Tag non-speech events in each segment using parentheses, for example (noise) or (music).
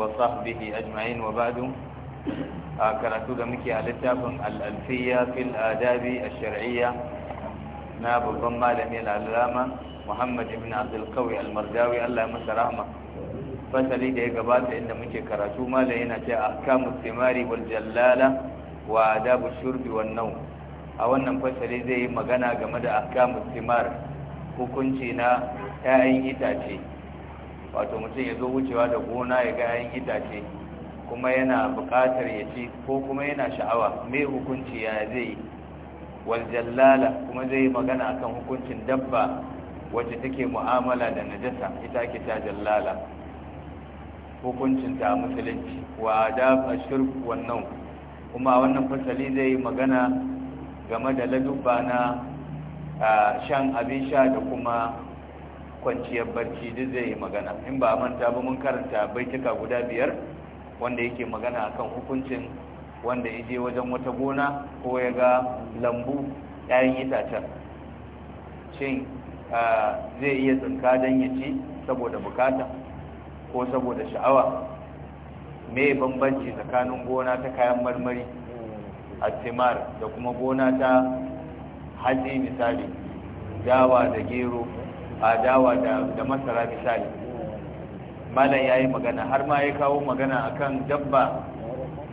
wa sahbihi ajma'in wa ba'du a karatu da muke a littafin al'alfiya fil adabi ash-shar'iyya na babban malami al'alama Muhammad ibn Abdul Qawi al-Mardawi Allah fasali da ya gabata inda muke karatu malami yana ce ahkamut thimari wal jallala wa adabu shurbi wan a wannan fasali zai yi magana game da ahkamut thimar hukunci na 'ya'yan itace wato mutum ya zo wucewa da gona ya ga yayin itace kuma yana buƙatar ya ci ko kuma yana sha'awa mai hukunci ya zai wal jallala kuma zai magana akan hukuncin dabba wacce take mu'amala da najasa ita ake ta jallala hukuncin ta musulunci wa adab ashirk wannan kuma wannan fasali zai magana game da ladubba na shan abin sha da kuma kwanciyar barci duk zai yi magana in ba manta ba mun karanta baituka guda biyar wanda yake magana akan hukuncin wanda ya je wajen wata gona ko ya ga lambu ɗayan itacen shin zai iya tsinka don ya ci saboda bukata ko saboda sha'awa me bambanci tsakanin gona ta kayan marmari a timar da kuma gona ta hatsi misali dawa da gero adawa da masara misali malam ya yi magana har ma ya kawo magana akan dabba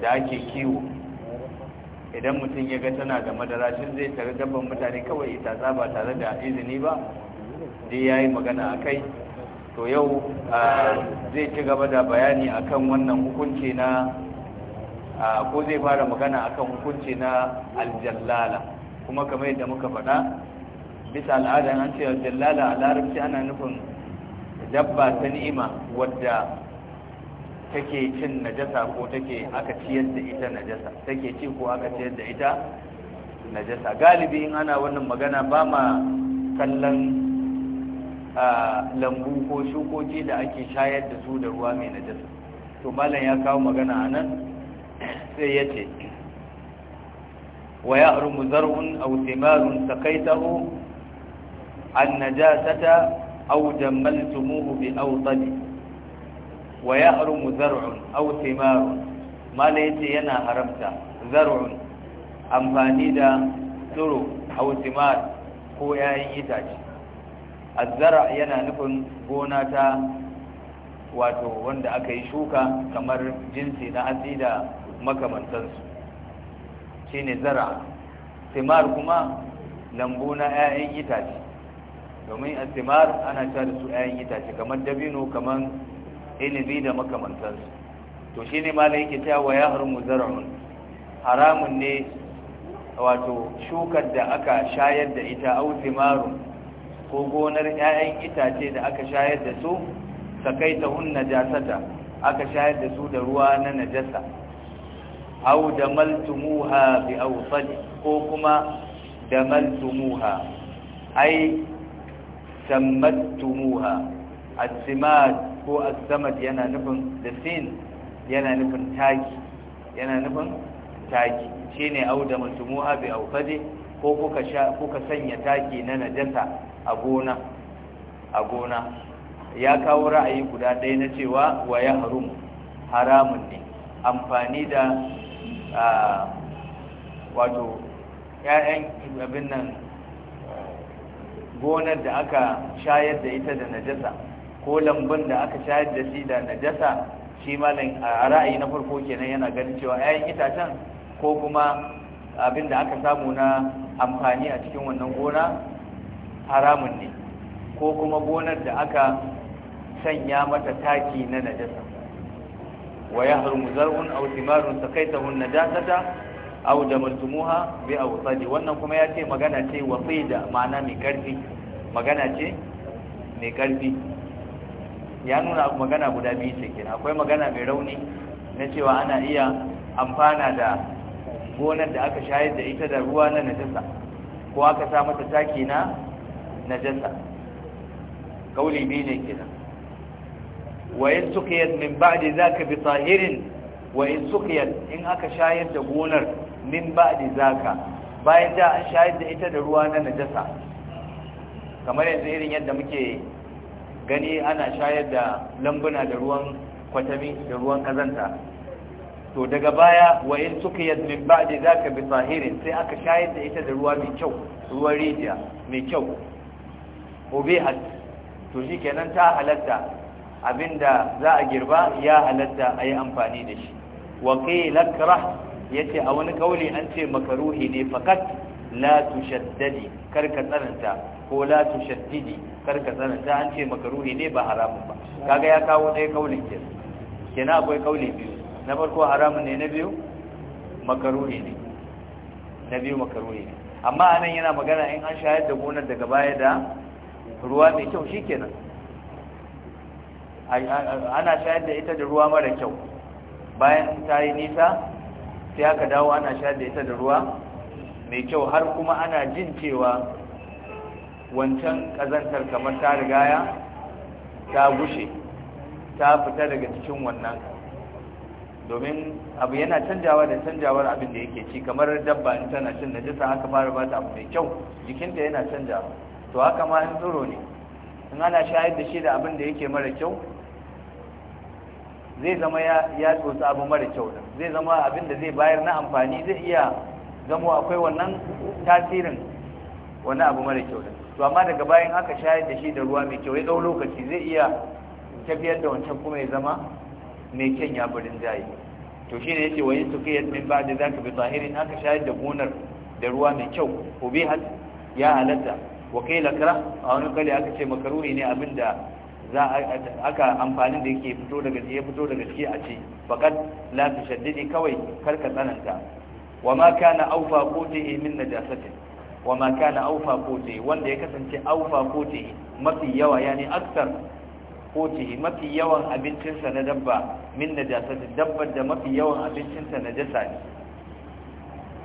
da ake kiwo idan mutum ya ga tana da madara shin zai tare dabban mutane kawai ita ba tare da izini ba dai ya yi magana a kai to yau zai ci gaba da bayani akan wannan hukunci na ko zai fara magana akan hukunci na aljallala kuma kamar yadda muka faɗa bisa al'ada an ce dallala a larabci ana nufin dabba ta ni'ima wadda take cin najasa ko take aka ciyar da ita najasa take ci ko aka ciyar da ita najasa galibi in ana wannan magana ba ma kallon lambu ko shukoki da ake shayar da su da ruwa mai najasa to malam ya kawo magana a nan sai ya ce wa ya'rumu zar'un aw thimarun saqaitahu annajasata aw jammaltumuhu bi awtadi wa yahrumu zar'un aw thimarun mala yace yana haramta zar'un amfani da turu aw thimar ko yayin itace azra yana nufin gona ta wato wanda aka yi shuka kamar jinsi na azida makamantansu shine zara thimar kuma lambu na ƴaƴan itace domin azimar ana ta da su ayan itace kamar dabino kamar inibi da makamantarsu to shi ne malai yake ta wa ya harmu zara'un haramun ne wato shukar da aka shayar da ita au zimarun ko gonar 'ya'yan itace da aka shayar da su sakai ta hunna jasata aka shayar da su da ruwa na najasa au da maltumuha bi ko kuma da maltumuha ai sammattumuha tumuha, samad ko as-samad yana nufin da sin yana nufin taki yana nufin taki shine audamatumuha bi awqadi ko kuka sha kuka sanya taki na najasa a gona a gona ya kawo ra'ayi guda ɗaya na cewa wa ya harum haramun ne amfani da wato 'ya'yan abin nan gonar da aka shayar da ita da najasa ko lambun da aka shayar da shi da najasa shi malam a ra'ayi na farko kenan yana ganin cewa 'ya'yan itacen ko kuma abin da aka samu na amfani a cikin wannan gona haramun ne ko kuma gonar da aka sanya mata taki na najasa wa ya harmu zar'un aw thimarun taqaitahu najasata aw jamaltumuha bi awsadi wannan kuma ya ce magana ce wasida ma'ana mai karfi magana ce mai karfi ya nuna magana guda biyu ce kenan akwai magana mai rauni na cewa ana iya amfana da gonar da aka shayar da ita da ruwa na najasa ko aka sa mata taki na najasa kauli biyu ne kenan wa yasqiyat min ba'di zaka bi tahirin wa in suqiyat in aka shayar da gonar min ba'di zaka bayan da an shayar da ita da ruwa na najasa kamar yanzu irin yadda muke gani ana shayar da lambuna da ruwan kwatami da ruwan kazanta to daga baya wa in suqiyat min ba'di zaka bi sahirin sai aka shayar da ita da ruwa mai kyau ruwan rijiya mai kyau ubihat to shikenan ta halatta abinda za a girba ya halatta a yi amfani da shi waƙi lakrah ya ce a wani kauli an ce makaruhi ne fakat la tushaddadi karka tsananta ko la tushaddidi karka tsananta an ce makaruhi ne ba haramun ba kaga ya kawo ɗaya kaulin ke kenan akwai kauli biyu na farko haramun ne na biyu makaruhi ne na biyu makaruhi ne amma anan yana magana in an shayar da gonar daga baya da ruwa mai kyau shikenan ana shayar da ita da ruwa mara kyau bayan ta yi nisa sai aka dawo ana shayar da ita da ruwa mai kyau har kuma ana jin cewa wancan kazantar kamar ta rigaya ta gushe ta fita daga cikin wannan domin abu yana canjawa da canjawar abin da yake ci kamar dabba in tana cin jisa aka fara ba ta abu mai kyau jikinta yana canjawa to haka ma in tsoro ne in ana shayar da shi da abin da yake mara kyau zai zama ya tsotsa abu mara kyau zai zama abin da zai bayar na amfani zai iya zama akwai wannan tasirin wani abu mara kyau to amma daga bayan aka shayar da shi da ruwa mai kyau ya ɗau lokaci zai iya tafiyar da wancan kuma ya zama mai kyan ya burin jayi to shine yace wani yin tukiyat min ba'da zaka bi zahirin aka shayar da gonar da ruwa mai kyau ubihat ya halatta wa kai lakra a wani kali aka ce makaruri ne abinda za aka amfanin da yake fito daga ya fito daga ciki a ce faqat la tashaddidi kawai karka tsananta wa ma kana awfa qutihi min wa ma kana awfa qutihi wanda ya kasance awfa qutihi mafi yawa yani aksar qutihi mafi yawan abincinsa na dabba min najasati dabbar da mafi yawan abincinsa jasa ne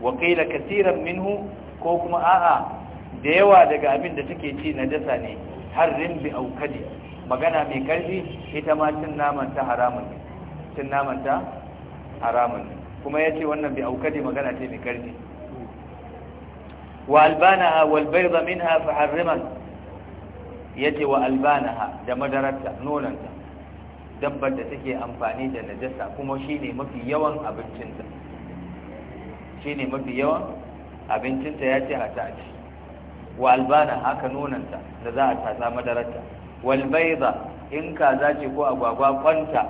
wa qila katiran minhu ko kuma a'a da yawa daga abin da take ci najasa ne harrin bi aukadi magana mai karfi ita ma cin naman ta haramun ne cin naman ta haramun ne kuma ya ce wannan bai aukade magana ce mai karfi wa albanaha wal zamin ha fi harriman ce wa albanaha da madararta nonanta dabbar da take amfani da najasa kuma shine mafi yawan abincinta ne mafi yawan abincinta ce a ta ci wa albana haka nonanta da za a tasa madararta walbaiza in kaza ce ko agwagwa kwanta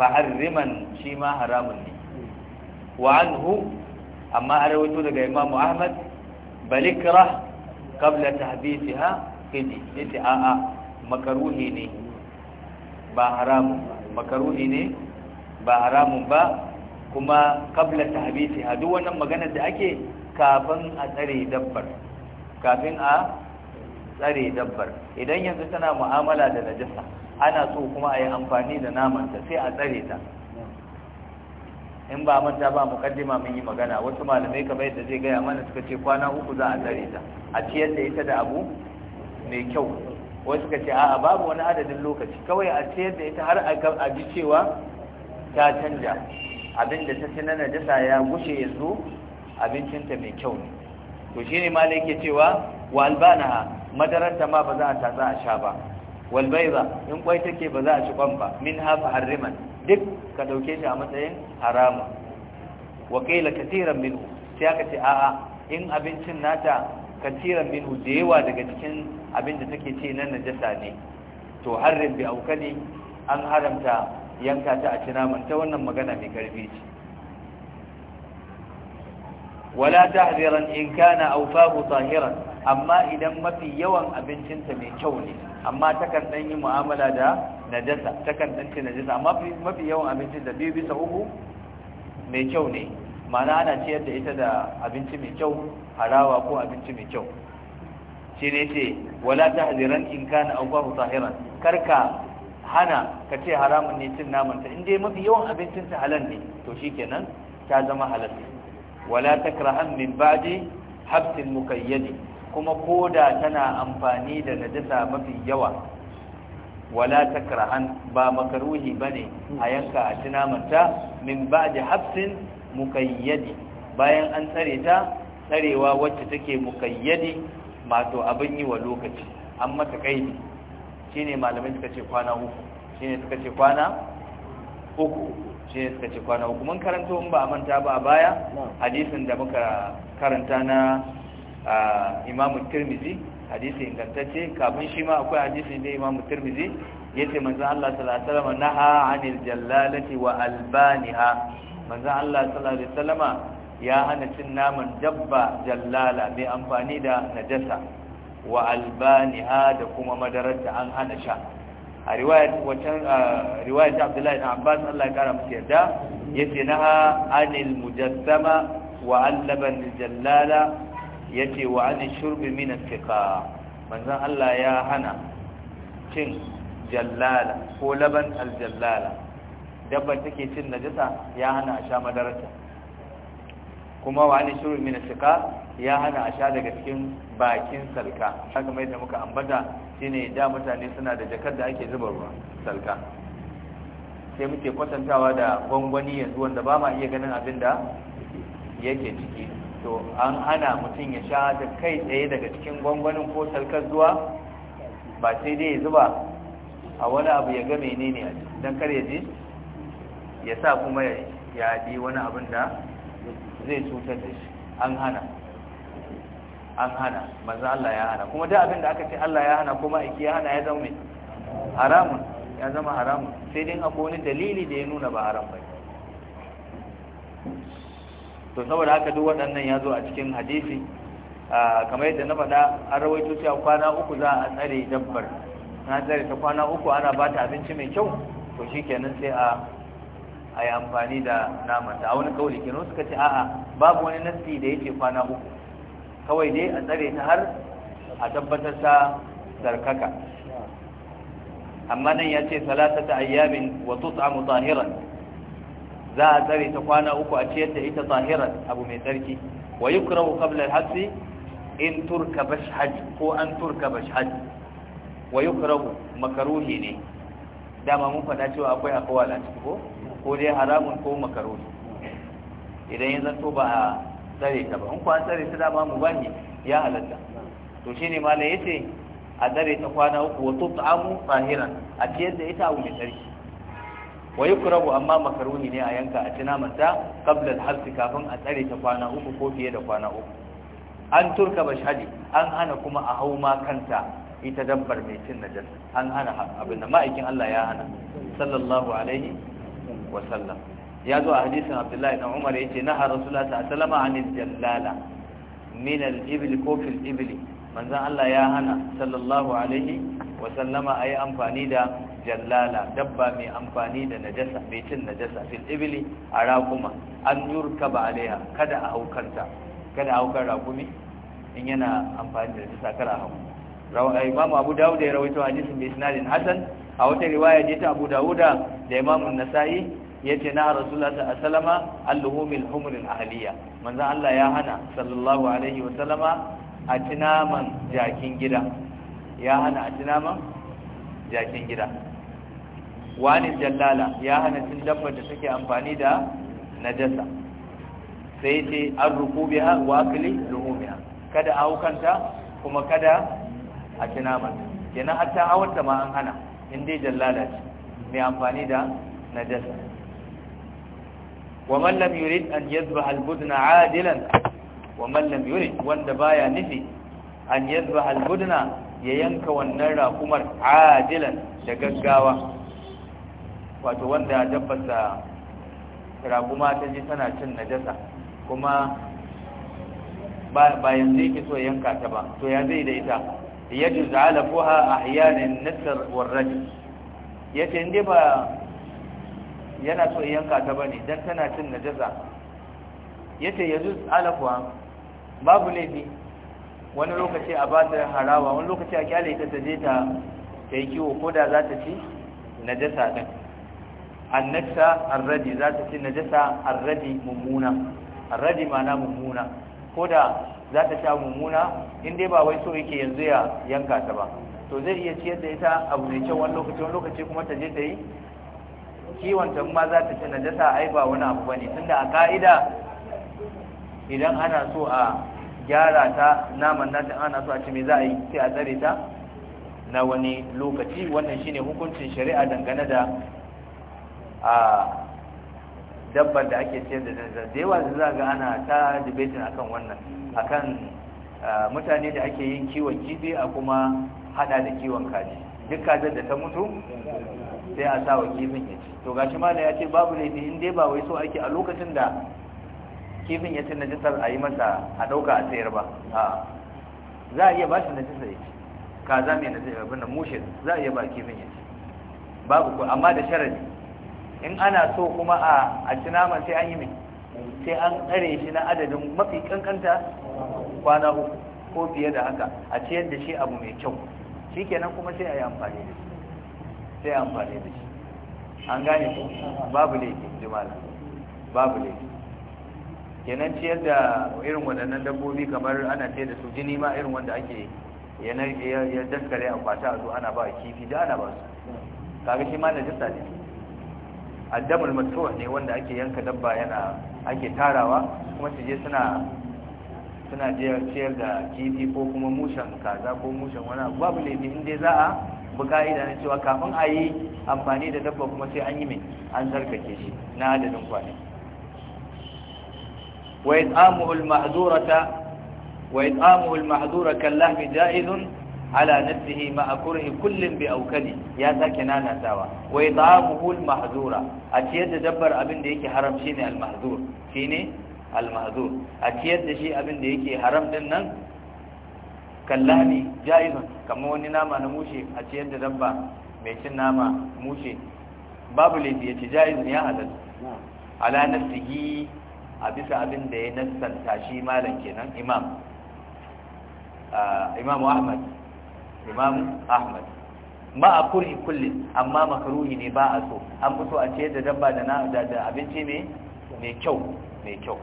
faharriman shi ma haramun ne wa anhu amma an rawaito daga imamu ahmad balikra qabla tahbitha kiji yace a a makaruhi ne ba haramun makaruhi ne ba haramun ba kuma qabla tahbitha duk wannan maganar da ake kafin a tsare dabbar kafin a tsare dabbar idan yanzu tana mu'amala da najasa ana so kuma a yi amfani da namanta sai a tsare ta in ba manta ba mukaddima mun yi magana wasu malamai kamar yadda zai gaya mana suka ce kwana uku za a tsare ta a ciyar da ita da abu mai kyau wasu suka ce a'a babu wani adadin lokaci kawai a ciyar da ita har a ji cewa ta canja abinda ta ci na najasa ya gushe yanzu abincinta mai kyau ne to shine malai ke cewa wa albanaha madaranta ma ba za a tatsa a sha ba walbaiza in kwai take ba za a ci kwan ba min hafa harriman duk ka dauke shi a matsayin haramun wakila qila katiran minhu sai aka ce a'a in abincin nata katiran minhu da yawa daga cikin abin da take ce nan najasa ne to harrim bi aukali an haramta yanka ta a naman ta wannan magana mai karfi ce wala tahziran in kana awfahu tahiran amma idan mafi yawan abincinta mai kyau ne amma takan dan yi mu'amala da najasa takan dan ce najasa amma mafi yawan abincin da biyu bisa uku mai kyau ne ma'ana ana ciyar da ita da abinci mai kyau harawa ko abinci mai kyau shi ne ce wala ta tahziran in kana awqahu kar karka hana ka ce haramun ne cin namanta in inda mafi yawan abincin ta halal ne to shi kenan ta zama halal wala takrahan min ba'di habsin mukayyadi kuma koda tana amfani da najasa mafi yawa wala takrahan ba makruhi bane a yanka a tunamanta min ba'di habsin mukayyadi bayan an tsare ta tsarewa wacce take muqayyadi mato abin yi wa lokaci an mata kaidi shine malamai suka ce kwana uku shine suka ce kwana uku shine suka ce kwana uku mun karanto mun ba manta ba a baya hadisin da muka karanta na imamu tirmizi hadisi ingantacce kafin shi ma akwai hadisi ne imamu tirmizi yace manzo Allah sallallahu alaihi wasallam naha anil jallalati wa albaniha manzo Allah sallallahu alaihi ya hana cin naman dabba jallala mai amfani da najasa wa albaniha da kuma madarar an hana sha a riwayat wacan riwayat Abdullahi ibn Abbas Allah ya kara masa yarda yace naha anil mujassama wa allaban jallala yace wa an shurbi min attiqa manzan Allah ya hana cin jallala ko laban aljallala dabban take cin najasa ya hana a sha madarata kuma wa an shurbi min ya hana a sha daga cikin bakin salka haka mai da muka ambata shine da mutane suna da jakar da ake zuba ruwa salka sai muke kwatantawa da gwangwani yanzu wanda ba ma iya ganin abin da yake ciki to an hana mutum ya sha da kai tsaye daga cikin gwangwanin ko talkar zuwa ba sai dai ya zuba a wani abu ya ga ne a don kar ya ji ya sa kuma ya bi wani abin da zai cutar da shi an hana an hana maza Allah ya hana kuma da abin da aka ce Allah ya hana kuma aiki ya hana ya zama haramun ya zama haramun sai dai akwai wani dalili da ya nuna ba haram ba to saboda haka duk waɗannan ya zo a cikin hadisi kamar yadda na faɗa an rawaito cewa kwana uku za a tsare dabbar na tsare ta kwana uku ana ba ta abinci mai kyau to shi kenan sai a a yi amfani da namanta a wani kauli kenan suka ce a'a babu wani nassi da yake kwana uku kawai dai a tsare ta har a tabbatar ta zarkaka amma nan ya ce salatata ayyamin wa tut'amu tahiran za a tsare ta kwana uku a ciyar da ita zahiran abu mai tsarki wa yukrahu qabla al-hajj in turka bashhaj ko an turka bashhaj wa yukrahu makaruhi ne dama mun faɗa cewa akwai akawal na ciki ko ko dai haramun ko makaruhi idan ya zanto ba a tsare ta ba in ku an tsare ta dama mu bani ya halatta to shine malai yace a tsare ta kwana uku wa tut'amu zahiran a ciyar da ita abu mai tsarki wa yukrahu amma makaruni ne a yanka a ci naman ta qabla al kafin a tsare ta kwana uku ko fiye da kwana uku an turka bashadi an hana kuma a hau ma kanta ita dabbar mai cin na najasa an hana abin da ma'aikin Allah ya hana sallallahu alaihi wa sallam ya zo a hadisin Abdullahi na Umar yace naha rasulullahi sallallahu alaihi wa sallama anil jallala min al-ibli ko fil ibli manzan Allah ya hana sallallahu alaihi wasallama a yi amfani da jallala dabba mai amfani da najasa mai cin najasa fil ibili a rakuma an yurka ba alaiha kada a haukanta kada a haukar rakumi in yana amfani da najasa kar a hau eh, Imam abu dawud ya rawaito hadisin bi sanadin hasan a wata riwaya ce ta abu dawuda da Imam imamu nasa'i yace na rasulullah sallallahu alaihi wasallama al-lumil humul ahliya manzan Allah ya hana sallallahu alaihi wasallama a ci naman jakin gida ya hana a ci naman jakin gida wani jallala ya hana cin dabbar da take amfani da najasa sai ce an ruku biya wa akili luhumiya kada a hukanta kuma kada a ci naman kenan hatta hawarta ma an hana inda dai jallala ce mai amfani da najasa wa man lam yurid an yadhbaha al-budna 'adilan wa mallam yuri wanda baya nufi an yadda halbudna ya yanka wannan rakumar adilan da gaggawa wato wanda dabbasa rakuma ta ji tana cin najasa kuma ba yanzu yake so yanka ta ba to ya zai da ita ya ji za'ala fuha a hiyanin nasar warraji ya ce inda ba yana so yanka ta ba ne don tana cin najasa ya ce ya ji za'ala fuha babu laifi wani lokaci a ba ta harawa wani lokaci a kyale ta taje ta ta yi kiwo ko da za ta ci najasa ɗin annaksa arradi za ta ci najasa arradi mummuna arradi ma'ana mummuna ko da za ta sha mummuna in dai ba wai so yake yanzu ya yanka ta ba to zai iya ciyar da ita abu mai kyau wani lokaci wani lokaci kuma ta je ta yi kiwon ta ma za ta ci najasa ai ba wani abu ba ne tunda a ka'ida idan ana so a gyara ta naman nata ana so a ce me za a yi sai a tsare ta na wani lokaci wannan shine hukuncin shari'a dangane da a dabbar da ake ciyar da zanzan da yawa za ga ana ta debating akan wannan akan mutane da ake yin kiwon kifi a kuma hada da kiwon kaji duk kajin da ta mutu sai a sa wa kifin ya ci to gashi mala ya ce babu laifi in dai ba wai so ake a lokacin da kifin ya ci najisar a yi masa a ɗauka a sayar ba a za a iya ba shi najisar ya ci kaza mai najisar ya da mushin za a iya ba kifin ya ci babu ku amma da sharadi in ana so kuma a a ci naman sai an yi mai sai an tsare shi na adadin mafi kankanta kwana uku ko fiye da haka a ciyar da shi abu mai kyau shikenan kuma sai a yi amfani da shi sai amfani da shi an gane ku babu laifi jimala babu laifi kenan ciyar da irin waɗannan dabbobi kamar ana ce da su jini ma irin wanda ake yanar ya daskare a kwata a zo ana ba kifi da ana ba su kaga shi ma na jista ne addamul mutuwa ne wanda ake yanka dabba yana ake tarawa kuma su je suna suna ciyar da kifi ko kuma mushen kaza ko mushen wani babu laifi in dai za a bi ka'ida na cewa kafin a yi amfani da dabba kuma sai an yi mai an zarkake shi na adadin kwanaki وإطعامه المحذورة وإطعامه المحذورة كاللحم جائز على نفسه مع كره كل بأوكله يا ساكنانا سوا وإطعامه المحذورة أتيد دبر أبن ديكي حرم شيني المحذور شيني المحذور أتيد شي أبن ديكي حرم دنن kallani jaizun kamar wani nama na mushe a ciyar da dabba mai cin nama mushe babu laifi ya ce jaizun ya halatta ala nafsihi a bisa abin da ya nassanta shi malam kenan imam ah, imamu ahmad imamu ahmad ma a kuri kullum amma makaruhi ne ba a so an fito a ce da dabba da abinci ne mai kyau mai kyau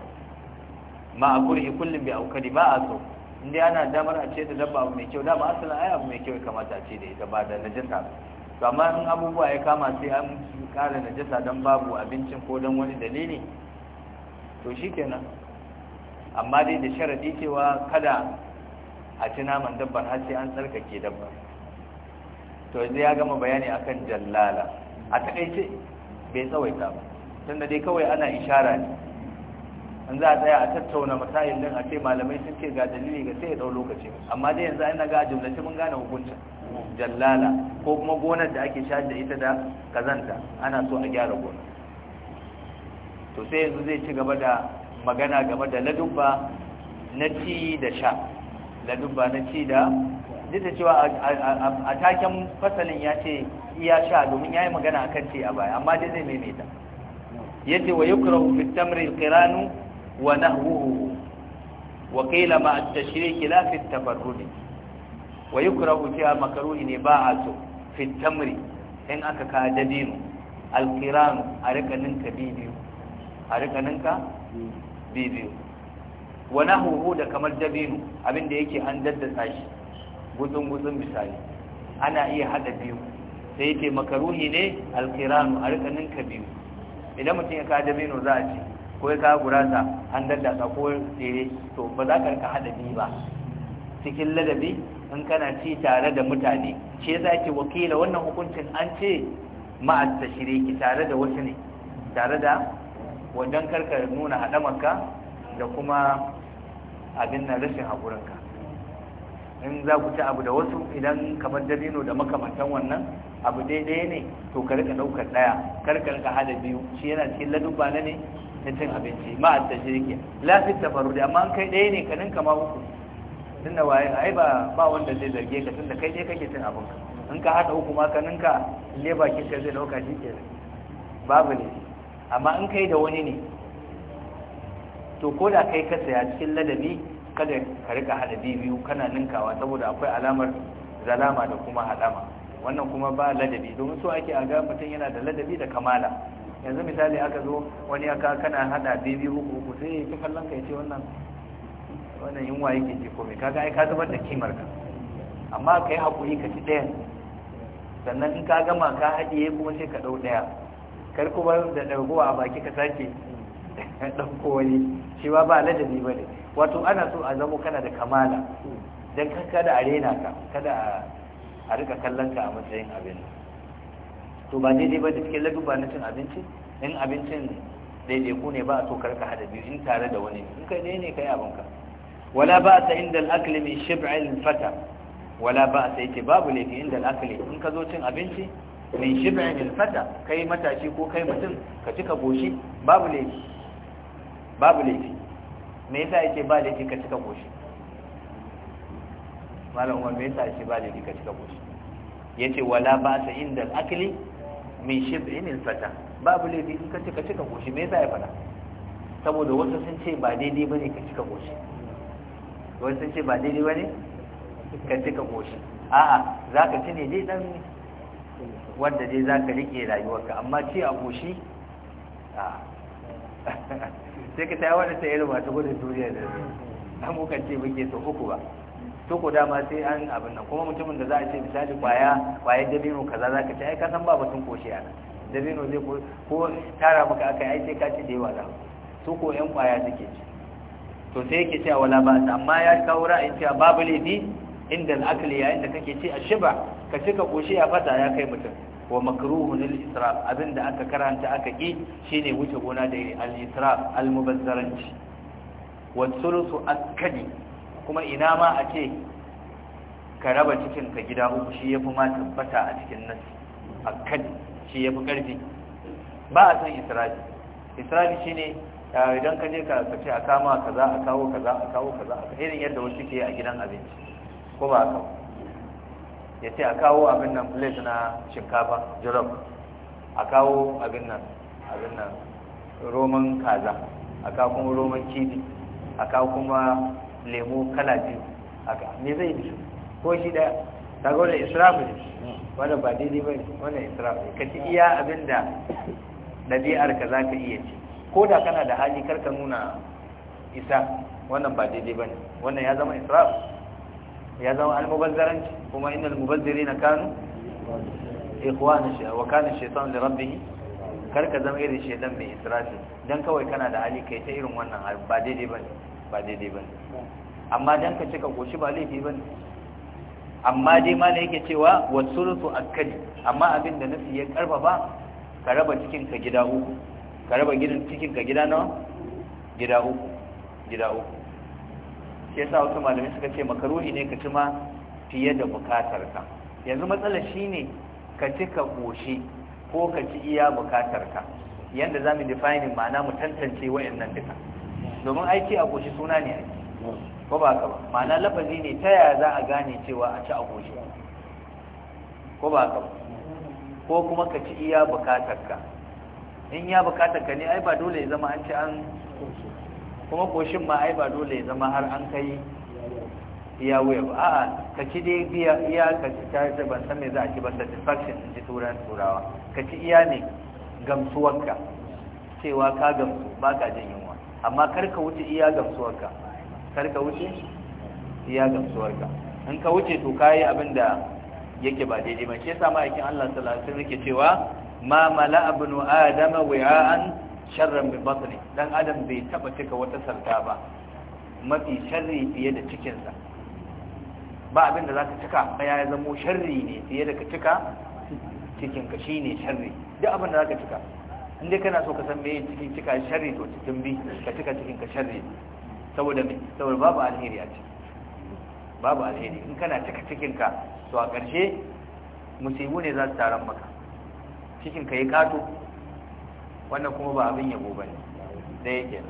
ma a kuri kullum bai aukari ba a so inda ana damar a ce da dabba mai kyau dama asalin ai abu mai kyau ya kamata ce da ita ba da najasa to amma in abubuwa ya kama sai an kara najasa don babu abincin ko don wani dalili to shi kenan amma dai da sharadi cewa kada a ci naman dabbar har sai an tsarkake dabbar to yanzu ya gama bayani akan jallala a takaice bai tsawaita ba tunda dai kawai ana ishara ne an za a tsaya a tattauna masayin din a ce malamai sun ce ga dalili ga sai ya dau lokaci amma dai yanzu an ga jumlace mun gane hukuncin jallala ko kuma gonar da ake shayar da ita da kazanta ana so a gyara gona. to sai yanzu zai ci gaba da magana game da ladubba na ci da sha ladubba na ci da duk da cewa a taken fasalin ya ce iya sha domin ya yi magana akan ce a baya amma dai zai maimaita ya ce wa yukura fitamri kiranu wa wa huhu wa qila ma a tashrik kila fi at wa yukura cewa makaruni ne ba a so fitamri in aka ka dabino alkiranu a rikanin kabibi a rika ninka bibiyu Wani nahuhu da kamar dabino abinda yake an daddasa shi gudun gudun misali ana iya hada biyu sai yake makaruhi ne alkiranu, a rika ninka biyu idan mutum ya kawo dabino za a ci ko ya ka gurasa an daddasa ko tsere to ba za ka hada biyu ba cikin ladabi in kana ci tare da mutane ce za ki wakila wannan hukuncin an ce ma'a tashiriki tare da wasu ne tare da wajen karka nuna haɗamarka da kuma abin na rashin haƙurinka in za ku ci abu da wasu idan kamar dalino da makamantan wannan abu daidai ne to ka ɗaukar ɗaya karka rika hada biyu shi yana cikin ladubba na ne na cin abinci ma a tashirki lafi tafaru da amma kai ɗaya ne ka ninka ma uku tun da waye ai ba ba wanda zai zarge ka tun da kai ɗaya kake cin abinka in ka haɗa uku ma ka ninka leba kika zai ɗauka shi ke babu ne amma in kai da wani ne to ko da kai ka saya cikin ladabi kada ka rika hada biyu kana ninkawa saboda akwai alamar zalama da kuma halama wannan kuma ba ladabi domin so ake a ga mutum yana da ladabi da kamala yanzu misali aka zo wani ya ka kana hada biyu uku uku sai ya ci kallon ka ya ce wannan wannan yunwa yake ce komai kaga ai ka zubar da kimar ka amma ka yi haƙuri ka ci ɗaya sannan in ka gama ka haɗiye kuma sai ka ɗau ɗaya kuma da ɗaukowa a baki ka sake ɗauko wani cewa ba ba ladabi ba ne wato ana so a zamo kana da kamala don kada a rena ka kada a rika kallon ka a matsayin abin to ba daidai ba da cikin laduba na cin abinci in abincin daidaiku ne ba a so karka hada biyu in tare da wani in kai ne kai abinka wala ba a sayin da al'akali mai shib'il fata wala ba a sayi ke babu laifi inda al'akali in ka zo cin abinci min al fata kai matashi ko kai mutum ka cika goshi babu laifi babu laifi me yasa yake ba laifi ka cika goshi malam umar me yasa yake ba laifi ka cika goshi yace wala ba ta inda al-akli min al fata babu laifi in ka cika cika goshi me yasa ya fada saboda wasu sun ce ba daidai bane ka cika goshi wasu sun ce ba daidai bane ka cika goshi a'a zaka ci dai dan wanda dai za ka rayuwar rayuwarka amma ce a goshi sai ka taya wadda ta yi ruba ta gudun duniya da an mukan ce muke so uku ba to ko dama sai an abin nan kuma mutumin da za a ce misali kwaya kwaya dabino kaza za ka ce ai ka san ba batun koshi a nan dabino zai ko tara maka aka yi ai sai ka ci da yawa za su ko yan kwaya suke ci to sai yake cewa wala ba amma ya kawo ra'ayin cewa babu laifi inda al'akali yayin da kake ci a shiba ka cika koshi a fata ya kai mutum wa makruhun al-israf abinda aka karanta aka ki shine wuce gona da al-israf al-mubazzaranci wa thuluthu akadi kuma ina ma ake ka raba cikin ka gida uku shi yafi ma tabbata a cikin nas akadi shi yafi karfi ba a san israfi israfi shine idan ka je ka sace a kama kaza a kawo kaza a kawo kaza irin yadda wasu ke a gidan abinci ko ba ka ya ce a kawo abin nan plate na shinkafa jirof a kawo abin nan abin nan roman kaza a kawo kuma roman kifi a kawo kuma lemo kala biyu haka me zai bi ko shi da ta gwada israfi ne wanda ba daidai ba ne wannan israfi ne ka ci iya abin da ɗabi'ar ka za ka iya ci ko da kana da hali karka nuna isa wannan ba daidai ba ne wannan ya zama israfi ya zama almubazzaranci kuma innal mubazzirina kanu ikhwana shi wa kana shaytan li rabbih karka zama irin shaytan mai israfi dan kawai kana da hali kai ta irin wannan ba daidai bane ba daidai bane amma dan ka cika goshi ba laifi bane amma dai ma ne yake cewa wasulutu akali amma abin da nafi ya karfafa ka raba cikin ka gida uku ka raba gidan cikin ka gida nawa gida uku gida uku shi yasa wasu malamai suka ce makaruhi ne ka ci ma fiye da bukatar ka yanzu matsalar shine ka ci ka koshi ko ka ci iya bukatar ka yanda mu defining ma'ana mu tantance wayannan duka domin aiki a koshi suna ne aiki ko ba ka ba ma'ana lafazi ne ta yaya za a gane cewa a ci a koshi ko ba ka ba ko kuma ka ci iya bukatar ka in ya bukatar ka ne ai ba dole ya zama an ci an kuma koshin ma ai ba dole ya zama har an kai iya wuya ba a'a ka ci dai biya iya ka ci ta da ban san me za a ci ba satisfaction in ji turan turawa ka ci iya ne gamsuwarka cewa ka gamsu ba ka jin yunwa amma kar ka wuce iya gamsuwarka kar ka wuce iya gamsuwarka in ka wuce to ka yi abin da yake ba daidai ba shi yasa ma'aikin Allah sallallahu alaihi wasallam yake cewa ma mala'a ibn adama wi'an sharran bi batni dan adam bai taba cika wata sarka ba mafi sharri fiye da cikinsa ba abin da za ka cika ɗaya ya zamo sharri ne fiye da ka cika cikinka shi ne sharri duk abin da za ka cika inda kana so ka san me cikin cika sharri to cikin bi ka cika cikinka sharri saboda me saboda babu alheri a ciki babu alheri in kana cika cikinka to a ƙarshe musibu ne za su taron maka cikinka ya kato wannan kuma ba abin yabo ba ne da yake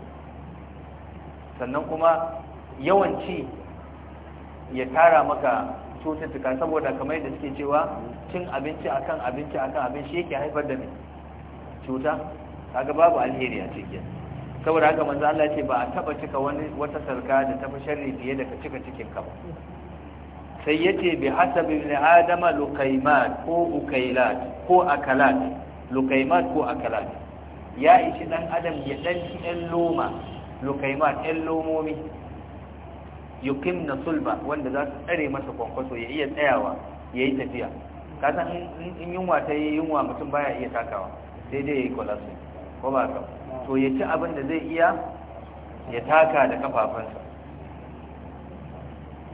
sannan kuma yawanci ya tara maka cututtuka saboda kamar yadda suke cewa cin abinci akan abinci akan abin shi yake haifar da mai cuta kaga babu alheri a cikin saboda haka manzo Allah ya ce ba a taba cika wani wata sarka da tafi sharri fiye da ka cika cikin ka ba sai yace bi hasabi ibn adama luqaymat ko ukailat ko akalat luqaymat ko akalat ya ishi dan adam ya danci ɗan loma lukaimat ɗan lomomi yukim na sulba wanda za su tsare masa kwankwaso ya iya tsayawa ya yi tafiya kasan in yunwa ta yi yunwa mutum baya iya takawa sai dai ya yi kwalasu ko ba ka to ya ci abin da zai iya ya taka da kafafansa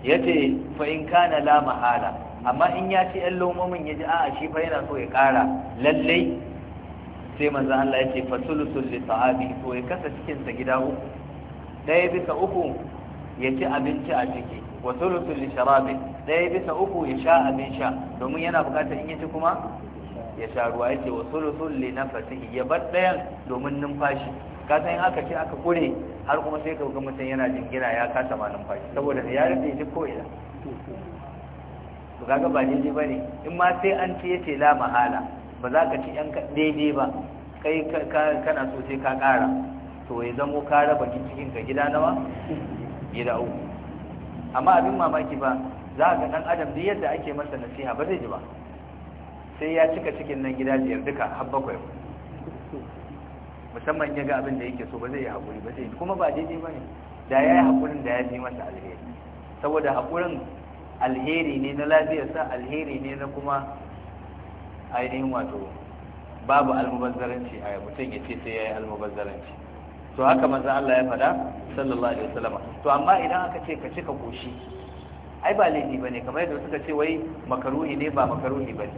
ya ce fa'in kana la mahala amma in ya ci ‘yan lomomin ya ji a shi fa yana so ya ƙara lallai sai manzo Allah ya ce fasulusul li ta'abi to ya kasa cikin sa gida uku daya bisa uku ya ci abinci a ciki wa sulusul li sharabi daya bisa uku ya sha abin sha domin yana bukatar in yace kuma ya sha ruwa yace wa sulusul li nafsihi ya bar dayan domin numfashi ka san aka ce aka kure har kuma sai ka ga mutum yana jingina ya kasa ma numfashi saboda ya rufe shi ko ina to kaga ba ne bane in ma sai an ce yace la mahala ba za ka ci yan daidai ba kai kana so sai ka ƙara to ya zamo ka raba cikin ka gida nawa gida uku amma abin mamaki ba za ka dan adam duk yadda ake masa nasiha ba zai ji ba sai ya cika cikin nan gida biyar duka har bakwai musamman ya ga abin da yake so ba zai yi haƙuri ba zai kuma ba daidai ba ne da ya yi haƙurin da ya ji masa alheri saboda haƙurin alheri ne na lafiyarsa alheri ne na kuma ainihin wato babu almubazzaranci a mutum ya ce sai ya yi almubazzaranci to haka maza Allah ya faɗa sallallahu alaihi wasallam to amma idan aka ce ka cika koshi ai ba laifi bane kamar yadda suka ce wai makaruhi ne ba makaruhi bane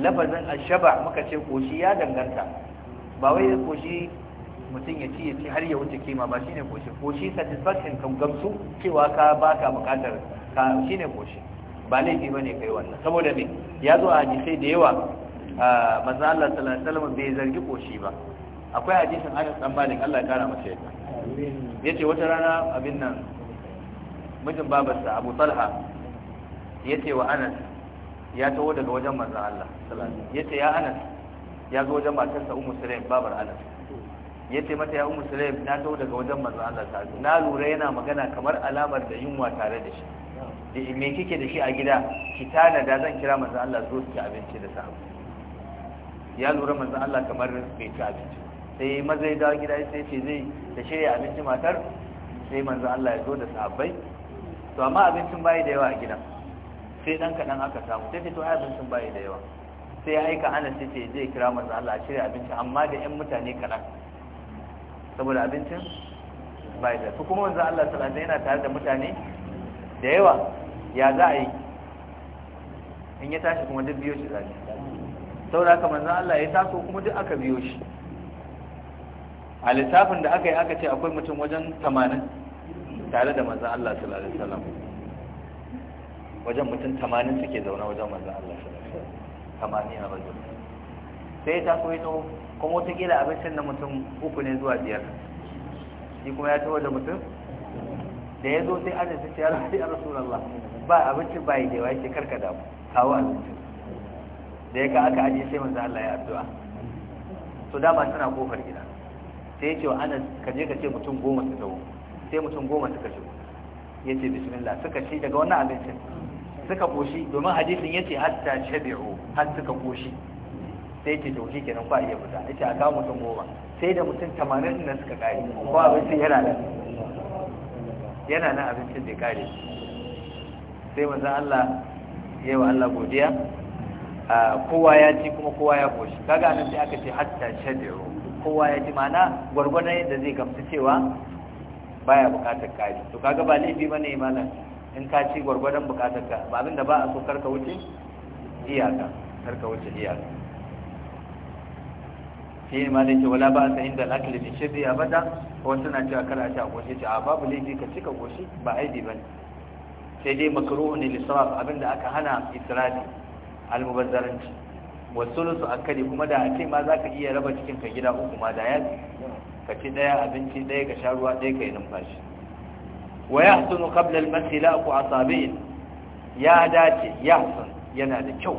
lafazin ashaba muka ce koshi ya danganta ba wai koshi mutum ya ci ya ci har ya wuce kima ba shine koshi koshi satisfaction kan gamsu cewa ka baka bukatar ka shine koshi ba laifi bane kai wannan saboda me ya zo a hadisi da yawa manzo Allah salama bai zargi ƙoshi ba akwai hadisin Anas dan Malik Allah ya kara masa yadda yace wata rana abin nan mijin babarsa Abu Talha yace wa Anas ya taho daga wajen manzo Allah sallallahu alaihi yace ya Anas ya zo wajen matarsa umu Sulaim babar Anas yace mata ya umu Sulaim na taho daga wajen manzo Allah sallallahu na lura yana magana kamar alamar da yunwa tare da shi me kike da shi a gida ki tana da zan kira manzo Allah zo ki abinci da safe ya lura manzon Allah kamar bai ci abinci sai maza ya dawo gida sai ce zai ta shirya abinci matar sai manzon Allah ya zo da sahabbai to amma abincin bai da yawa a gidan sai dan kadan aka samu sai to abincin bai da yawa sai ya aika ana sai ce zai kira manzon Allah a shirya abinci amma da 'yan mutane kadan saboda abincin bai da su kuma manzon Allah sallallahu alaihi yana tare da mutane da yawa ya za a yi in ya tashi kuma duk biyo shi zaki saboda haka manzon Allah ya taso kuma duk aka biyo shi a lissafin da aka yi aka ce akwai mutum wajen 80 tare da manzon Allah sallallahu alaihi wasallam wajen mutum 80 suke zaune wajen manzon Allah sallallahu alaihi wasallam 80 wajen sai ya taso ya kuma wata kila abincin na mutum uku ne zuwa biyar shi kuma ya taho da mutum da ya zo sai ana ta rasu da rasulullah ba abinci ba yi da yawa yake karka damu kawo abincin da ya ga aka aje sai manzo Allah ya addu'a to dama tana kofar gida sai ya ce wa Anas ka je ka ce mutum goma su dawo sai mutum goma suka shigo ce bismillah suka ci daga wannan abincin suka koshi domin hadisin ce hatta shabi'u har suka koshi sai ce tauki kenan ba iya fita ita ga mutum goma sai da mutum tamanin din suka kare ko abincin yana nan yana nan abincin da kare sai manzo Allah yayi wa Allah godiya kowa ya ci kuma kowa ya koshi kaga anan sai aka ce hatta shadiru kowa ya ji mana gwargwana yadda zai gamsu cewa baya bukatar kari to kaga ba laifi bane malam in ka ci gwargwadon bukatar ka ba abinda ba a so karka wuce iyaka karka wuce iyaka shi ne malam ce wala ba sa inda al'akali bi shirri bada ko suna cewa kar a ci a goshi ce a babu laifi ka cika goshi ba aibi bane sai dai makruhu ne lisawab abinda aka hana israfi almubazzaranci wasu su akali kuma da ake ma za ka iya raba cikin ka gida uku ma da ya ka ci ɗaya abinci ɗaya ka sha ruwa ɗaya ka yi numfashi wa ya sunu kablal masila ku asabi'in ya dace ya sun yana da kyau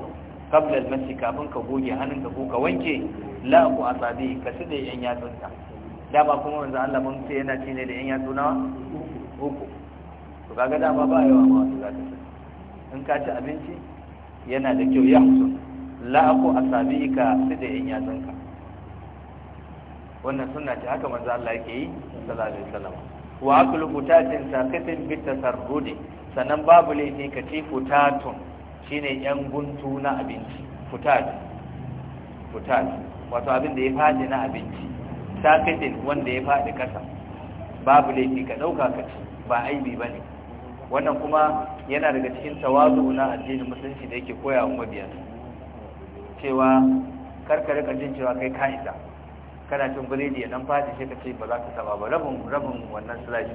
kablal masi kafin ka goge hannun ka ko ka wanke la ku asabi ka su da yan yatsunka dama kuma wanzu Allah mun ce yana ci ne da yan yatsu nawa uku to kaga dama ba yawa ma wasu za ci in ka ci abinci yana da kyau ya la la'aku a sami ka su da yan ka wannan suna ce haka manzo Allah yake yi sallallahu alaihi wasallam wa aklu futatin saqitin bi tasarrudi sanan babu laifi ka ci futatun shine yan guntu na abinci futat futat wato abin da ya fadi na abinci saqitin wanda ya fadi kasa babu laifi ka dauka ka ci ba aibi bane wannan kuma yana daga cikin tawazu na addinin musulunci da yake koya wa mabiya cewa karka rika jin cewa kai ka isa kana cin biredi ya nan fadi sai ka ce ba za ka saba ba rabin rabin wannan slice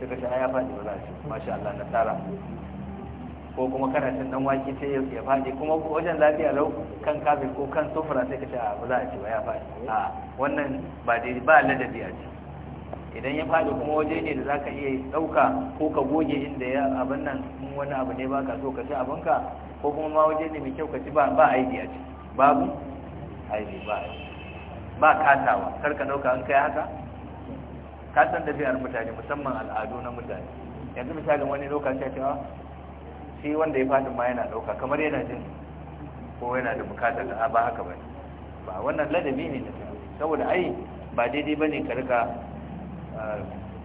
sai ka ce ya fadi ba za ka masha Allah na tsara ko kuma kana cin dan wake sai ya fadi kuma wajen lafiya lau kan kafin ko kan sufura sai ka ce ba za a ci ba ya fadi a wannan ba ba ladabi a ci idan ya faɗi kuma waje ne da zaka iya ɗauka ko ka goge inda ya abin nan in wani abu ne baka so ka ci ka, ko kuma ma waje ne mai kyau ka ci ba ba aidi a ci babu aidi ba ba katawa kar ka ɗauka an kai haka ka san da biyar mutane musamman al'adu na mutane yanzu misalin wani lokaci ya cewa ah, shi wanda ya faɗi ma yana ɗauka kamar yana jin ko yana da bukatar a ba haka ba ba wannan ladabi ne da saboda ai ba daidai ne ka rika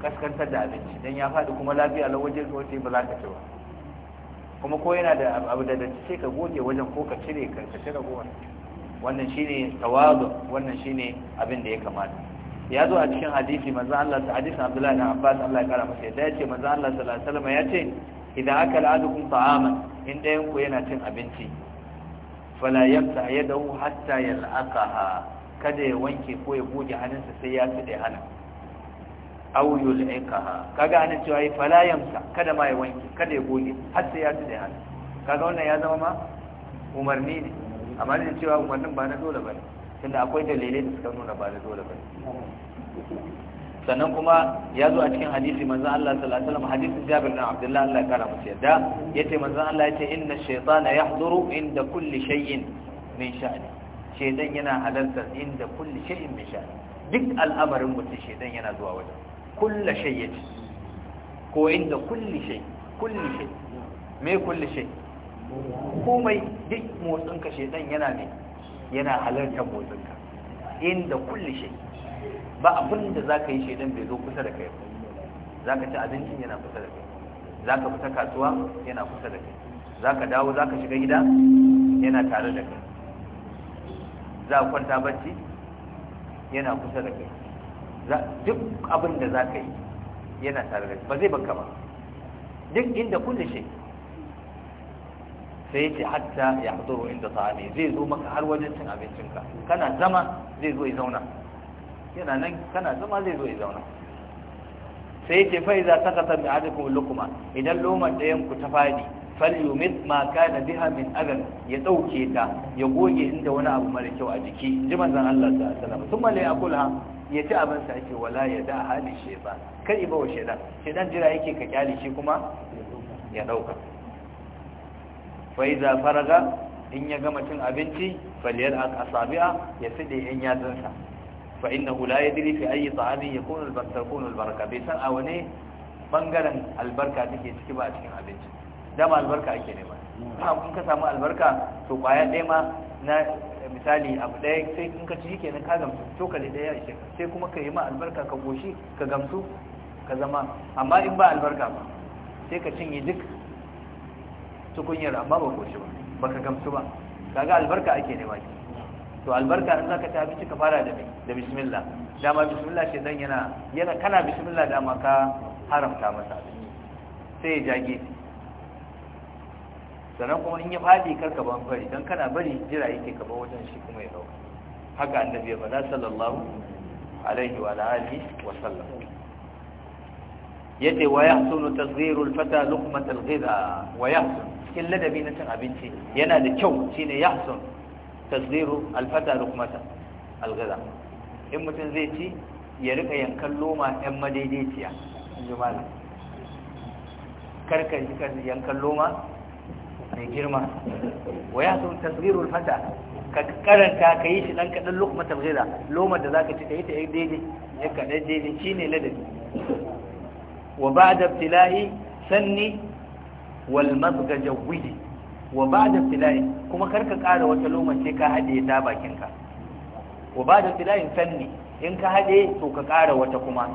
kaskantar da abinci dan ya faɗi kuma lafiya lau wajen wace ba za ka ci ba kuma ko yana da abu da datti sai ka goge wajen ko ka cire ka ka cire gowar wannan shine tawadu wannan shine abin da ya kamata ya zo a cikin hadisi manzo Allah ta hadisin Abdullah ibn Abbas Allah ya kara masa yadda yace ce manzo Allah sallallahu alaihi wasallam ya ce idan aka la'adukum ta'aman in dayan ku yana cin abinci fala yamsa yadahu hatta yal'aqaha kada ya wanke ko ya goge hannunsa sai ya tsade hannun aw yul'iqaha kaga anan cewa yi fala yamsa kada ma ya wanke kada ya goge har sai ya ji da kaga wannan ya zama ma umarni ne amma ne cewa umarnin ba na dole bane tunda akwai dalilai da suka nuna ba na dole bane sannan kuma ya zo a cikin hadisi manzon Allah sallallahu alaihi wasallam hadisin Jabir bin Abdullah Allah ya kara musu yadda yace manzon Allah yace inna shaytana yahduru inda kulli shay'in min sha'ni shaytan yana halarta inda kulli shay'in min sha'ni duk al'amarin mutum shaytan yana zuwa wajen kulla shay yace ko inda kulli shay kulli shay me kulli shay komai duk motsin ka shedan yana ne yana halartar motsin ka inda kulli shay ba abin da zaka yi shedan bai zo kusa da kai zaka ci abincin yana kusa da kai zaka fita kasuwa yana kusa da kai zaka dawo zaka shiga gida yana tare da kai za kwanta bacci yana kusa da kai duk abin da za ka yi yana tare da ba zai baka ba duk inda kulle shi sai yake hatta ya haduru inda ta'ami zai zo maka har wajen cin abincinka kana zama zai zo ya zauna yana nan kana zama zai zo ya zauna sai yake za ta kasar da ahadikum lukuma idan loman da ku ta fadi mit ma kana biha min adan ya dauke ta ya goge inda wani abu mara kyau a jiki ji manzon Allah ta sallama wasallam thumma la ya ci abin sa yake wala ya da hali shi ba kai ba wa shedan shedan jira yake ka kyale shi kuma ya dauka fa iza faraga in ya gama cin abinci falyal asabi'a ya fide yan yatsunsa fa innahu la yadri fi ayi ta'amin yakunu al-barakatu al-baraka bai san a wani bangaren albarka take ciki ba a cikin abinci dama albarka ake nema kun ka samu albarka to kwaya ɗaya ma na Eh, misali abu ɗaya sai in ka ci kenan ka gamsu cokali ɗaya ishe sai kuma ka yi ma albarka ka goshi ka gamsu ka zama amma in ba albarka ba sai ka cinye duk tukunyar amma ba goshi ba ka gamsu ba kaga albarka ake ne baki to albarka in za ka ci abinci ka fara da da bismillah dama bismillah shi dan yana yana kana bismillah dama ka haramta masa sai ya jage sannan kuma in ya faɗi karka ban fari don kana bari jira yake ka bar wajen shi kuma ya dauka haka annabi ya faɗa sallallahu alaihi wa alihi wa sallam Yadda wa yahsunu tasghiru al-fata luqmat al-ghidha wa yahsun cikin ladabi na cin abinci yana da kyau shine yahsun tasghiru al-fata luqmat al-ghidha in mutum zai ci ya rika yankan loma ɗan madaidaiciya in ji malam karka yankan loma mai girma wa ya sun tasbirul fata ka karanta ka yi shi dan kadan lukmatul ghira lomar da zaka ci ka yi ta daidai ya kadan daidai shine ladabi wa ba'da ibtilahi sanni wal mazga jawidi wa ba'da ibtilahi kuma karka kara wata lomar sai ka hade ta bakinka wa ba'da ibtilahi sanni in ka hade to ka kara wata kuma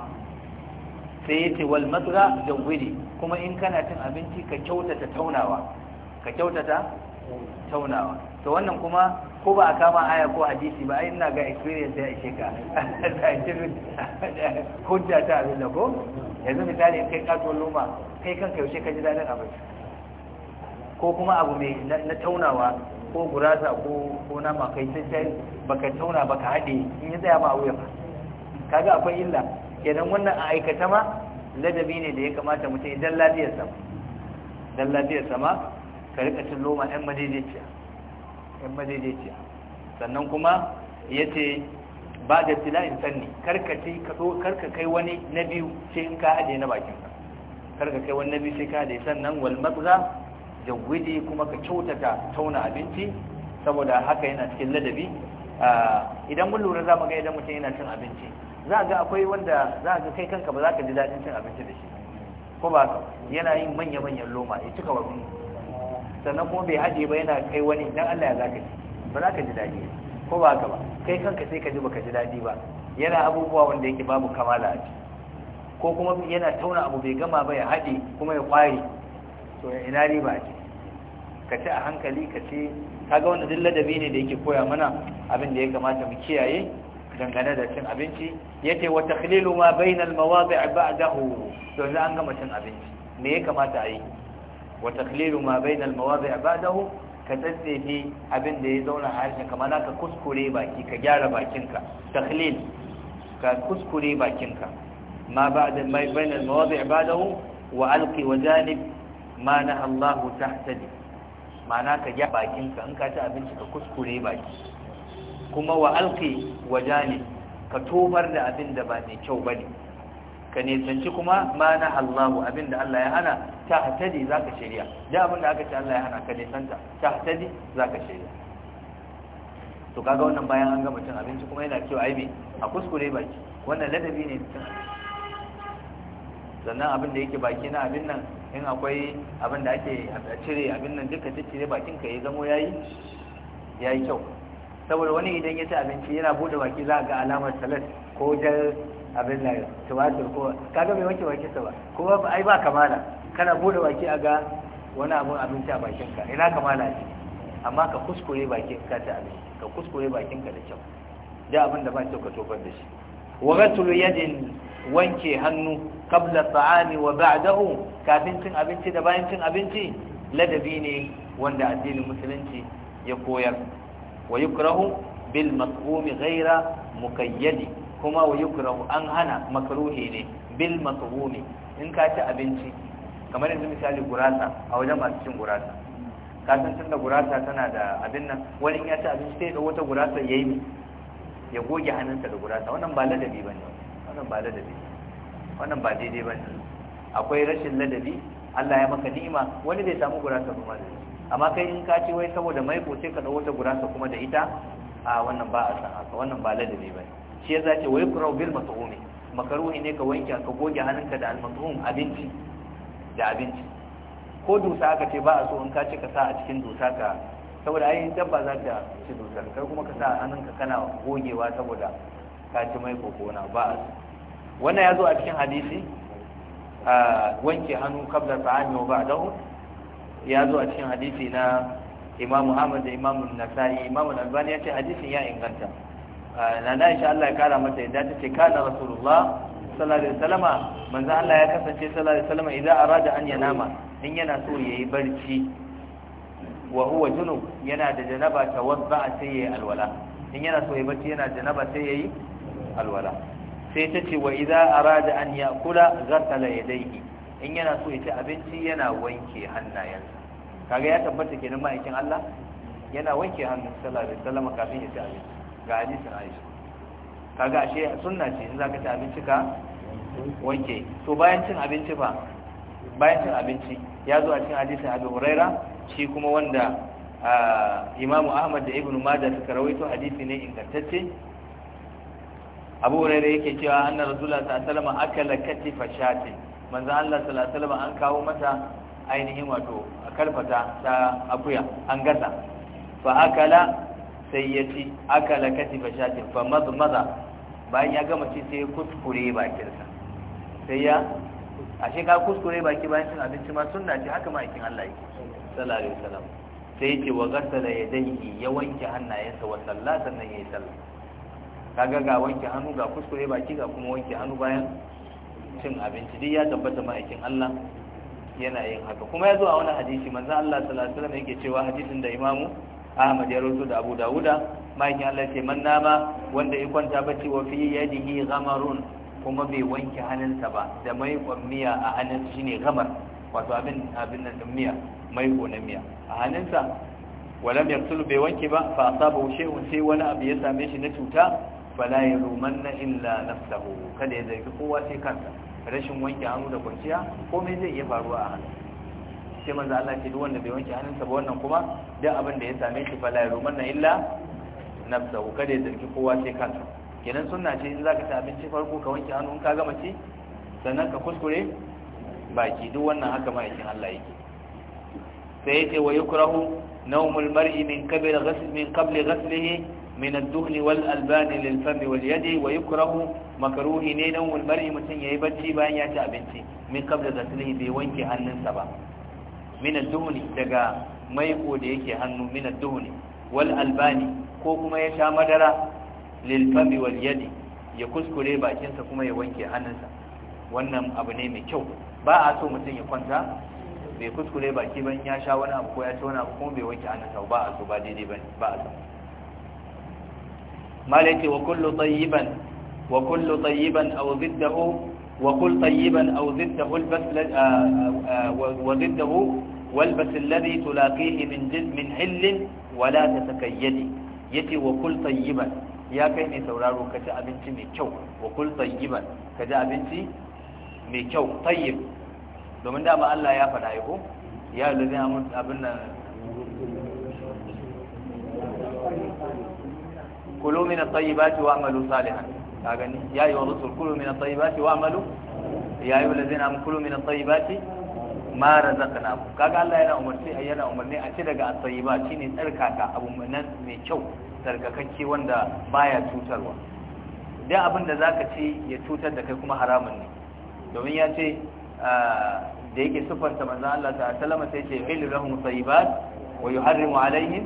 sai yace wal mazga jawidi kuma in kana cin abinci ka kyautata taunawa ka kyautata taunawa to wannan kuma ko ba a kama aya ko hadisi ba ina ga experience ya ishe ka (laughs) (laughs) hujja ta abin da ko yanzu misali in kai kato loma kai kanka yaushe ka ji daɗin abin ko kuma abu mai na taunawa ko gurasa ko ko nama kai sai baka tauna baka haɗe in ya tsaya ma a wuya ba kaga akwai illa kenan wannan a aikata ma ladabi ne da ya kamata mutum idan lafiyar sama dan lafiyar sama ka rika cin noma yan madaidaiciya yan madaidaiciya sannan kuma yace ba da in sanni kar karka kai wani na biyu sai in ka ajiye na bakin ka karka kai wani na biyu sai ka ajiye sannan wal matza gudi kuma ka kyautata tauna abinci saboda haka yana cikin ladabi idan mun lura za mu ga idan mutum yana cin abinci za ga akwai wanda za ga kai kanka ba za ka ji daɗin cin abinci da shi ko ba yana yin manya-manyan loma ya cika wa sannan kuma bai aje ba yana kai wani dan Allah ya zaka ba za ka ji daɗi ko ba ka ba kai kanka sai ka ji baka ji daɗi ba yana abubuwa wanda yake babu kamala a ciki ko kuma yana tauna abu bai gama ba ya haɗe kuma ya kwari to ina riba a ka ci a hankali ka ci ga wanda duk ladabi ne da yake koya mana abin da ya kamata mu kiyaye dangane da cin abinci ya ce wata khalilu ma bainal mawadi' ba'dahu to an gama cin abinci me ya kamata a yi wa taqlilu ma bayna al-mawadi' ba'dahu ka tsatsefe abin da ya zauna a harshen kamar ka kuskure baki ka gyara bakinka taqlil ka kuskure bakinka ma ba'da ma bayna al-mawadi' ba'dahu wa alqi wa janib ma naha Allah tahtadi ma'ana ka gyara bakinka in ka ci abinci ka kuskure baki kuma wa ka da abin da ba mai kyau bane ka nisanci kuma ma na Allahu abinda Allah ya hana ta hatadi ka shirya da abinda aka ce Allah ya hana ka nisanta ta hatadi ka shirya to kaga wannan bayan an gama cin abinci kuma yana cewa aibi a kuskure baki wannan ladabi ne cin sannan abin da yake baki na abin nan in akwai abin da ake cire abin nan duka cire bakin ka ya zamo yayi yayi kyau saboda wani idan ya ci abinci yana bude baki za ga alamar salat ko jar abin nan tumatir ko kaga mai wanke sa ba ba ai ba kamala kana bude baki a ga wani abun abinci a bakinka ina kamala ce amma ka kuskure bakin ka ta abinci ka kuskure bakin ka da kyau da abin da ba kyau ka tofar da shi wa ghaslu yadin wanke hannu qabla ta'ami wa ba'dahu kafin cin abinci da bayan cin abinci ladabi ne wanda addinin musulunci ya koyar wa yukrahu bil mas'umi ghaira muqayyadi kuma wa yukrahu an hana makruhi ne bil maqhumi in ka ci abinci kamar yanzu misali gurasa a wajen masu cin gurasa ka san tunda gurasa tana da abin nan wani ya ci abinci sai da wata gurasa yayi ya goge hannunsa da gurasa wannan ba ladabi bane wannan ba ladabi wannan ba daidai bane akwai rashin ladabi Allah ya maka ni'ima wani bai samu gurasa kuma da amma kai in ka ci wai saboda maiko sai ka ɗau wata gurasa kuma da ita a wannan ba a san haka wannan ba ladabi bane shi yasa ce wai kura bil mat'umi makaruhi ne ka wanke ka goge hannunka da al abinci da abinci ko dusa aka ce ba a so in ka ci ka sa a cikin dusa ka saboda ai dabba za ta ci dusar kai kuma ka sa hannunka kana gogewa saboda ka ci mai kokona ba wannan ya zo a cikin hadisi a wanke hannu kabla ta'ami wa ba'dahu ya zo a cikin hadisi na Imam Ahmad da Imam Nasa'i Imam Al-Albani ya ce hadisin ya inganta Ah, nana insha Allah ya kara mata yadda ta ce kana rasulullah sallallahu alaihi wasallama manzo Allah ya kasance sallallahu alaihi wasallama idan arada an yanama in yana so yayi barci wa huwa junub yana da janaba tawadda sai yayi alwala in yana so yayi barci yana janaba sai yayi alwala sai ta ce wa idan arada an yakula ghassala yadayhi in yana so ya ci abinci yana wanke hannayensa kaga ya tabbata kenan ma'aikin Allah yana wanke hannun sallallahu alaihi wasallama kafin ya ci abinci ga hadisin aisha kaga ashe sunna ce in zaka ci abinci ka wanke to bayan cin abinci ba bayan cin abinci ya zo a cikin hadisin Abu Huraira shi kuma wanda Imam Ahmad da Ibn mada suka rawaito hadisi ne ingantacce Abu Huraira yake cewa anna Rasulullah sallallahu alaihi wasallam akala katifa shati manzo Allah sallallahu alaihi wasallam an kawo masa ainihin wato kalfata ta akuya an gasa fa akala sai ya ci aka lakati fa shatin fa madmada bayan ya gama ci sai kuskure bakinsa sai ya ashe ka kuskure baki bayan cin abinci ma sunna ce haka ma'aikin Allah yake sallallahu alaihi wasallam sai yake wa gasala yadayhi ya wanke hannayensa wa sallah sannan yayi sallah kaga ga wanke hannu ga kuskure baki ga kuma wanke hannu bayan cin abinci duk ya tabbata ma'aikin Allah yana yin haka kuma ya zo a wani hadisi manzo Allah sallallahu alaihi wasallam yake cewa hadisin da Imamu Ahmad ya rawaito da Abu Dawuda ma'aikin Allah ce man nama wanda ya kwanta bacci wa fi yadihi ghamarun kuma bai wanke hannunsa ba da mai miya a hannunsa shine ghamar wato abin abin nan miya mai na miya a hannunsa walam yaktul bai wanke ba fa asabahu shay'un sai wani abu ya same shi na cuta fala yarumanna illa nafsahu kada ya zaki kowa sai kansa rashin wanke hannu da kwanciya komai zai iya faruwa a hannu sai manzo Allah ce duk wanda bai wanke hannunsa ba wannan kuma duk abin da ya same shi fa fala yarumanna illa nafsahu kada ya zargi kowa sai kansa kenan sunna ce in zaka ci abinci farko ka wanke hannu in ka gama ci sannan ka kuskure baki duk wannan haka ma'aikin Allah yake sai yake wa yukrahu nawmul mar'i min qabl ghasl min qabl ghaslihi min ad-duhn wal alban lil fam wal yad wa yukrahu makruhi ne nawmul mar'i mutun yayi bacci bayan ya ci abinci min qabl ghaslihi bai wanke hannunsa ba minan duhuni daga maiko da yake hannu minan duhuni wal albani ko kuma ya sha madara lil fami wal yadi ya kuskure bakinsa kuma ya wanke hannunsa wannan abu ne mai kyau ba a so mutum ya kwanta bai kuskure baki ban ya sha wani abu ko ya ci wani abu kuma bai wanke hannunsa ba a so ba daidai ba ba a so malaiti wa kullu tayyiban wa kullu tayyiban aw ziddahu وقل طيبا أو ضده البس آه، آه، آه، وضده والبس الذي تلاقيه من من حل ولا تتكيدي يتي وقل طيبا يا كيني سورارو كجا أبنتي مي كيو طيبا كجا أبنتي مي كيو طيب domin dama ألا ya يا yako ya lalazi amin abin nan kulu min at kagani ya yi wa rusul kulu min at-tayyibati wa amalu ya yi walazina na kulu min at-tayyibati ma razaqnakum kaga Allah yana umarci yana umarni a ci daga at-tayyiba ne tsarkaka abu nan mai kyau tsarkakakke wanda baya cutarwa duk abin da zaka ci ya cutar da kai kuma haramun ne domin ya ce ah, da yake sufanta manzo Allah ta sallama sai ce hilu lahum tayyibat wa yuharrimu alaihim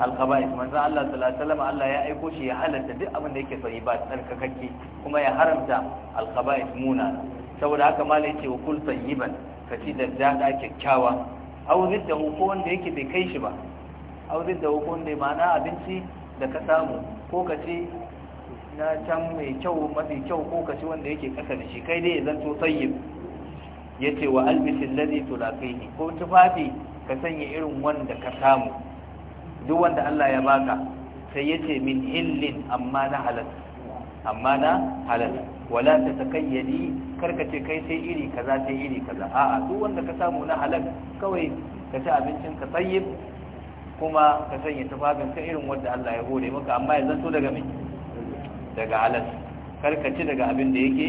alqaba'is manzo Allah sallallahu alaihi Allah ya aiko shi ya halatta duk abin da yake sayi ba tsarkakakke kuma ya haramta alqaba'is muna saboda haka mala yace wa kul tayyiban kaci da dada kyakkyawa au zidda ko wanda yake bai kai shi ba au zidda ko wanda ma'ana abinci da ka samu ko kaci na can mai kyau mafi kyau ko kaci wanda yake kasa da shi kai dai ya zanto tayyib yace wa albisi allazi tulaqihi ko tufafi ka sanya irin wanda ka samu duk wanda Allah ya baka sai yace min hillin amma na halal amma na halal wala ta takayyadi karkace kai sai iri kaza sai iri kaza a'a duk wanda ka samu na halal kawai ka ci abincin ka tsayyib kuma ka sanya tufafin ka irin wanda Allah ya gode maka amma ya zanto daga min daga halal karkace daga abin da yake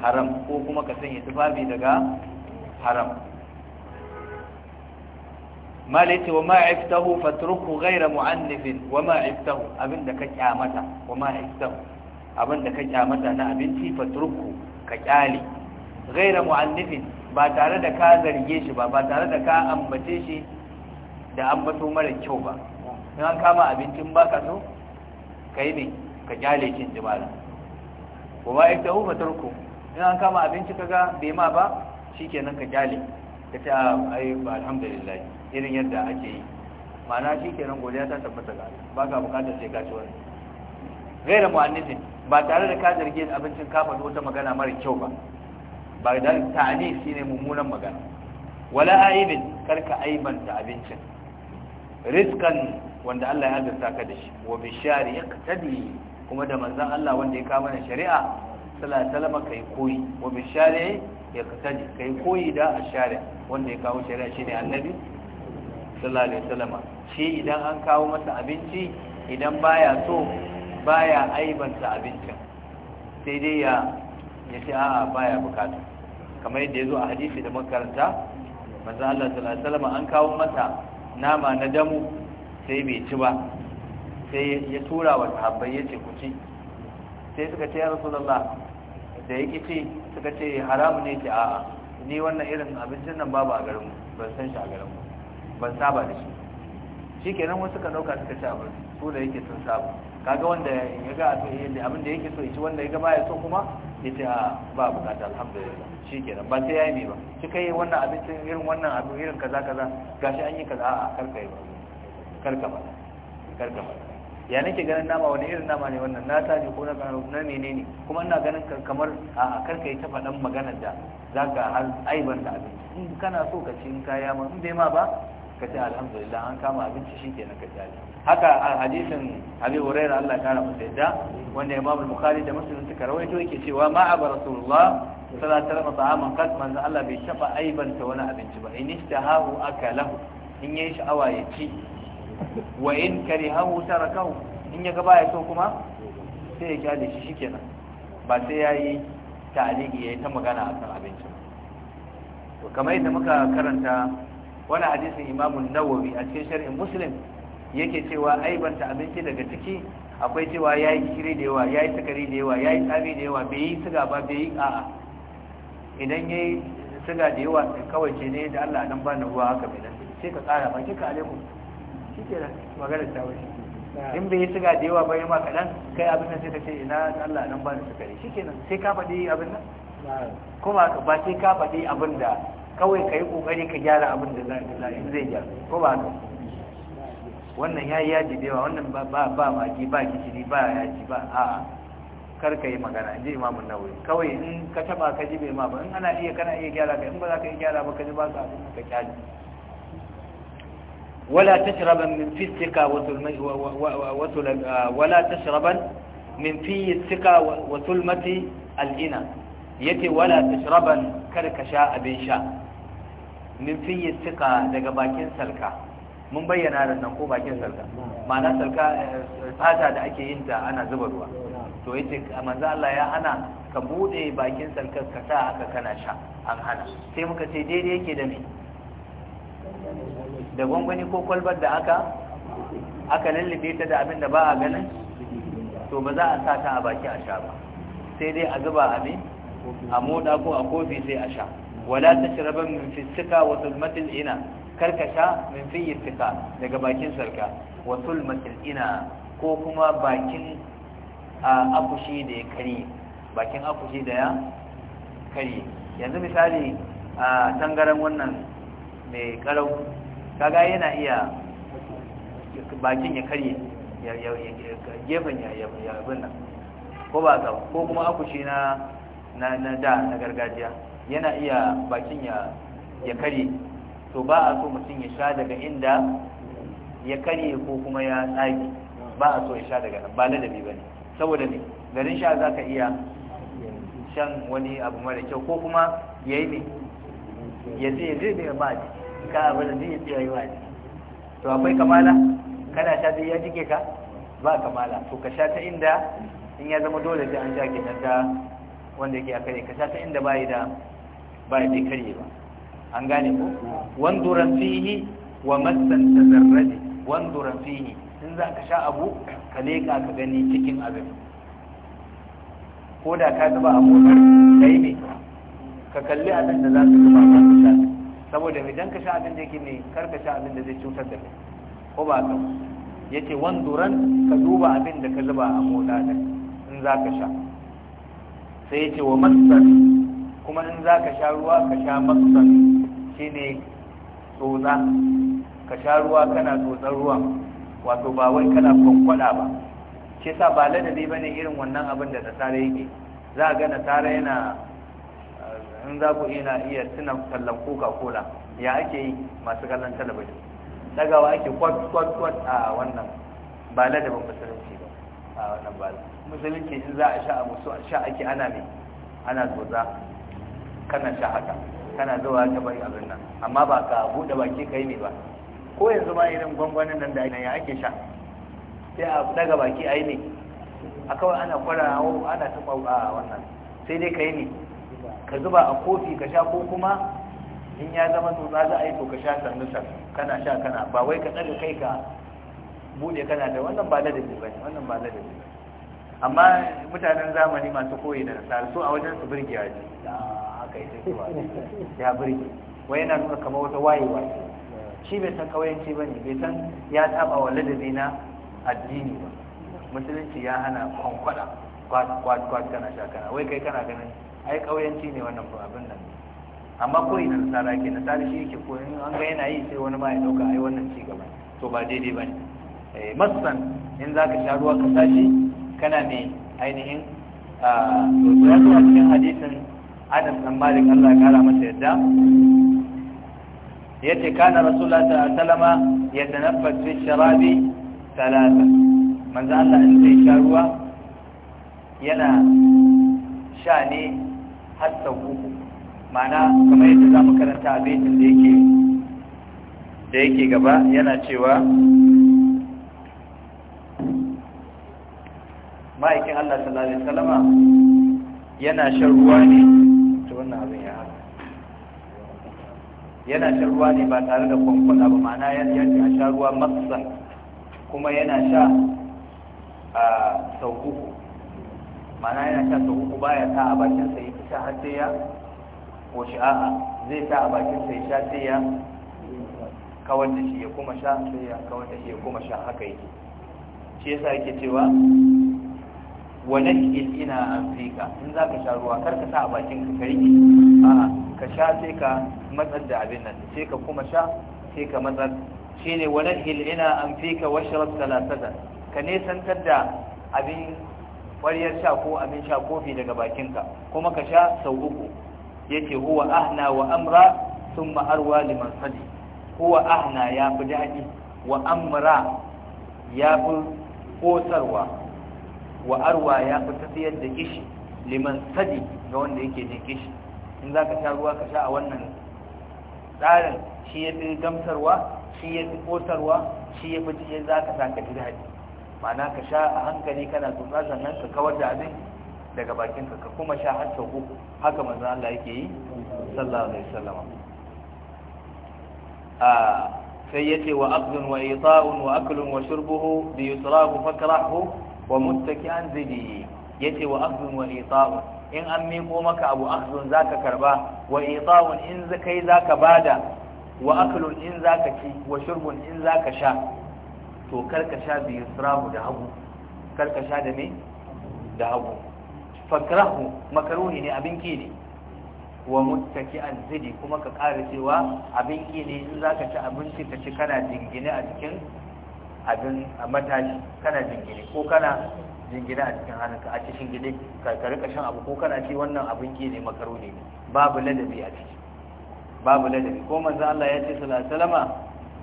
haram ko kuma ka sanya tufafi daga haram malai ce wa ma'iftahu fatruku ghaira mu'annifin wa ma'iftahu abinda ka kyamata wa ma'iftahu abinda ka kyamata na abinci fatruku ka kyale ghaira mu'annifin ba tare da ka zarge shi ba ba tare da ka ambace shi da ambato mara kyau ba in an kama abincin baka so kai ne ka kyale shi jimala wa ma'iftahu fatruku in an kama abinci kaga bai ma ba shikenan ka kyale ka ce alhamdulillah irin yadda ake yi ma'ana shi ke nan godiya ta tabbata ga ba ka bukatar sai ka ci wani gaira mu'annifin ba tare da ka zargi abincin ka faɗi wata magana mara kyau ba ba da ta'ani shine mummunan magana wala aibin karka aibanta abincin Riskan wanda Allah ya azurta ka da shi wa bishari yaqtadi kuma da manzan Allah wanda ya kawo mana shari'a sallallahu alaihi kai koyi wa bishari yaqtadi kai koyi da shari'a wanda ya kawo shari'a shine annabi sallallahu alaihi wasallama shi idan an kawo masa abinci idan baya so baya aibanta abincin sai dai ya ya ce a'a baya bukata kamar yadda ya zo a hadisi da makaranta manzo Allah sallallahu alaihi wasallama an kawo masa nama na damu sai bai ci ba sai ya tura wa sahabbai ya ce ku ci sai suka ce ya rasulullah da yake ce suka ce haramu ne ce a'a ni wannan irin abincin nan babu a garinmu ban san shi a garinmu ban saba da shi kenan wasu ka dauka suka ci abin su da yake sun saba kaga wanda ya ga abin da yake so ya ci wanda ya ga baya so kuma ya ce a ba bukata alhamdulillah Shi kenan ba sai yi ne ba ki kai wannan abincin irin wannan abu irin kaza kaza gashi an yi kaza a karka yi ba karka ba karka ba ya nake ganin nama wani irin nama ne wannan na taji ko na na menene kuma ina ganin kamar a karka yi ta faɗan maganar da zaka har aiban da abinci in kana so ka ci in kaya ma in bai ma ba ka ce alhamdulillah an kama abinci shikenan ka jali haka a hadisin Abi Hurairah Allah ya kara masa yadda wanda Imam Bukhari da Muslim suka rawaito yake cewa ma aba Rasulullah sallallahu alaihi wasallam ta'aman qad manzo Allah bai taba ta wani abinci ba in ishtahahu akalahu in yayi sha'awa ya ci wa in karihahu tarakahu in ya ga baya so kuma sai ya kyale shi shikenan ba sai yayi ta'aliki yayi ta magana akan abinci kamar yadda muka karanta wani hadisin imamun nawawi a cikin shari'in muslim yake cewa aibanta abinci daga ciki akwai cewa ya yi kiri da yawa ya yi sukari da yawa ya yi tsami da yawa bai yi suga ba bai yi a'a idan ya yi suga da yawa kawai ce ne da allah nan ba na ruwa haka bai nan sai ka tsara ba kika alaikum shi ke nan maganar ta wuce in bai yi suga da yawa ba yi ma kaɗan kai abin nan sai ka ce ina allah nan ba na sukari shi ke nan sai ka faɗi abin nan kuma ba sai ka faɗi abin da kawai ka yi ƙoƙari ka gyara abin da zai gyara ko ba haka wannan ya yi yaji da yawa wannan ba maki ba kishiri ba yaji ba a kar ka yi magana in ji imamun nawawi kawai in ka taba ka ji bai ma ba in ana iya kana iya gyara ka in ba za ka yi gyara ba ka ji ba su abin da ka kyale ولا تشربا من في الثقة ولا تشربا من في الثقة wala ta يتي kar ka sha abin sha. min fiye suka daga bakin salka mun bayyana da nan ko bakin salka ma'ana salka eh, fata da ake yin ta ana zuba ruwa to yace manzo Allah ya hana ka bude bakin salka ka sa aka kana sha an hana sai muka ce daidai yake da me da gwangwani ko kwalbar da aka aka lallabe ta da abin da ba a ganin to ba za a sa ta a baki a sha ba sai dai a zuba abin a moda ko a kofi sai a sha wala tashraban min fi sika wa zulmatil ina karkasha min fi sika daga bakin sarka wa zulmatil ina ko kuma bakin akushi da ya kare bakin akushi da ya kare yanzu misali a tangaren wannan mai karau kaga yana iya bakin ya karye gefen ya abin nan ko ba ko kuma akushi na na da na gargajiya yana iya bakin ya ya kare to ba a so mutum ya sha daga inda ya kare ko kuma ya tsage ba a so ya sha daga nan ba ladabi ba ne saboda ne garin sha za ka iya shan wani abu mara kyau ko kuma ya yi ne ya ce ya zai ba ba ka abu da zai yi ba ne to akwai kamala kana sha zai ya jike ka ba kamala to ka sha ta inda in ya zama dole sai an sha kenan ta wanda yake a kare ka sha ta inda bayi da baya bai karye ba an gane ko wanduran fihi wa massan tazarradi wanduran fihi in za ka sha abu ka leka ka gani cikin abin ko da ka zuba a motar kai ne ka kalli abin da za ka zuba ka sha saboda idan ka sha abin da yake ne kar ka sha abin da zai cutar da kai ko ba ka yace wanduran ka duba abin da ka zuba a mota da in za ka sha sai yace wa massan kuma in za ka sha ruwa ka sha maksan shi ne tsotsa ka sha ruwa kana tsotsar ruwan wato ba wai kana kwankwada ba shi sa ba ladabi ba ne irin wannan abin da nasara yake za a ga nasara yana eh, in za ku iya iya tuna kallon coca cola ya ake yi masu kallon talabijin dagawa ake kwat kwat kwat a wannan ba ladabin musulunci ba a wannan ba musulunci in za a sha a musu sha ake ana mai ana tsotsa kana sha haka kana zuwa ta bai abin nan amma ba ka buɗe baki kai ne ba ko yanzu ma irin gwangwanin nan da ya ake sha sai a daga baki ai ne a kawai ana kwara ana taɓa a wannan sai dai ka yi ne ka zuba a kofi ka sha ko kuma in ya zama tsotsa za a yi to ka sha sa kana sha kana ba wai ka tsaga kai ka buɗe kana da wannan ba ladabi ba ne wannan ba ladabi ba amma mutanen zamani masu koyi da nasara su a wajen su birgiya ce haka ita ce ba ya buri wai yana nuna kamar wata wayewa shi bai san kawai ba ne bai san ya taba wa ladabi na addini ba musulunci ya hana kwankwada kwat kana sha kana wai kai kana ganin ai kauyanci ne wannan abin nan amma koyi na nasara ke nasara shi yake koyi an ga yana yi sai wani ma ya dauka ai wannan ci gaba to ba daidai ba ne eh, masan in za ka sha ruwa ka sashi kana mai ainihin ah, ya zuwa cikin hadisin adam dan malik Allah ya kara masa yadda yace kana rasulullah sallallahu alaihi wasallam yatanaffas fi sharabi thalatha manzo Allah in zai sha ruwa yana sha ne har sau uku ma'ana kamar yadda za mu karanta a baitin da yake da yake gaba yana cewa ma'aikin Allah sallallahu alaihi wasallama yana shan ruwa ne fahimci wannan abin ya haka yana shan ruwa ne ba tare da kwankwana ba ma'ana ya ce sha ruwa matsa kuma yana sha a sau uku ma'ana yana sha sau uku baya ta a bakin sai ya sha har sai ya koshi a'a zai ta a bakin ya sha sai ya kawar da shi ya kuma sha sai ya kawar da shi ya kuma sha haka yake shi yasa yake cewa wani ina an fika in za ka sha ruwa kar ka sa a bakin ka ka rike ka sha sai ka matsar da abin nan sai ka kuma sha sai ka matsar shi ne wani ina an wasu washrab salasata ka nesantar da abin ƙwaryar sha ko abin sha kofi daga bakinka kuma ka sha sau uku yace huwa ahna wa amra sun arwa liman sadi huwa ahna ya fi daɗi wa amra ya fi ƙosarwa wa arwa ya fi tafiyar da kishi liman sadi ga wanda yake da kishi in za ka sha ruwa ka sha a wannan tsarin shi ya fi gamsarwa shi ya fi kotarwa shi ya fi cikin za ka sa ka ji daɗi ma'ana ka sha a hankali kana tsotsa sannan ka kawar da abin daga bakinka ka kuma sha har sau uku haka manzo Allah yake yi sallallahu alaihi wasallam a sai yace wa aqdun wa ita'un wa aklun wa shurbuhu bi yusrahu fakrahu wa muttaki'an zidi yace wa akhdhun wa ita'un in an miko maka abu akhdhun zaka karba wa ita'un in zakai zaka bada wa aklun in zaka ci wa shurbun in zaka sha to kar ka sha bi yusrahu da hagu kar ka sha da me da hagu fakrahu makruhi ne abin ki ne wa muttaki'an zidi kuma ka ƙara cewa abin ki ne in zaka ci abinci ka ci kana jingine a cikin abin matashi kana jingine ko kana jingine a cikin hannunka a cikin gine ka kashin shan abu ko kana ce wannan abin ke ne makaro ne babu ladabi a ciki babu ladabi ko manzo Allah ya ce sallallahu alaihi wasallama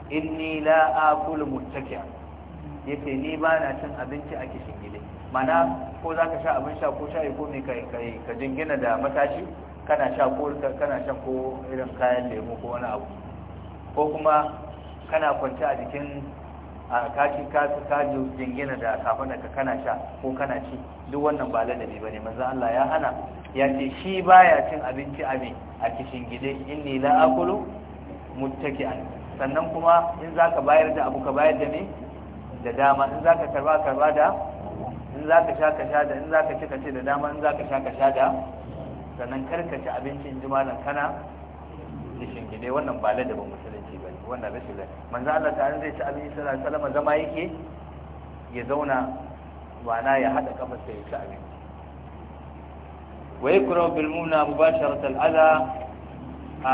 inni la akulu muttakiya yace ni ba na cin abinci a kishin gine mana ko zaka sha abin sha ko shayi ko me kai kai ka jingina da matashi kana sha ko kana shan ko irin kayan lemu ko wani abu ko kuma kana kwance a jikin a kaci ka kaji jingina da kafin ka kana sha ko kana ci duk wannan ba ladabi ba ne manzan Allah ya hana ya ce shi baya cin abinci a me a cikin gidan inni la akulu muttaki'an sannan kuma in zaka bayar da abu ka bayar da me da dama in zaka karba karba da in zaka sha ka sha da in zaka ci ka ci da dama in zaka sha ka sha da sannan kar ka ci abinci in ji malam kana kishin gidan wannan ba ladabi mutum wannan rashin lafiya manzo Allah ta'ala zai ci abinci sallallahu alaihi wasallam zama yake ya zauna wana ya hada kafarsa ya ci abinci wa yakra bil muna mubasharat al ala a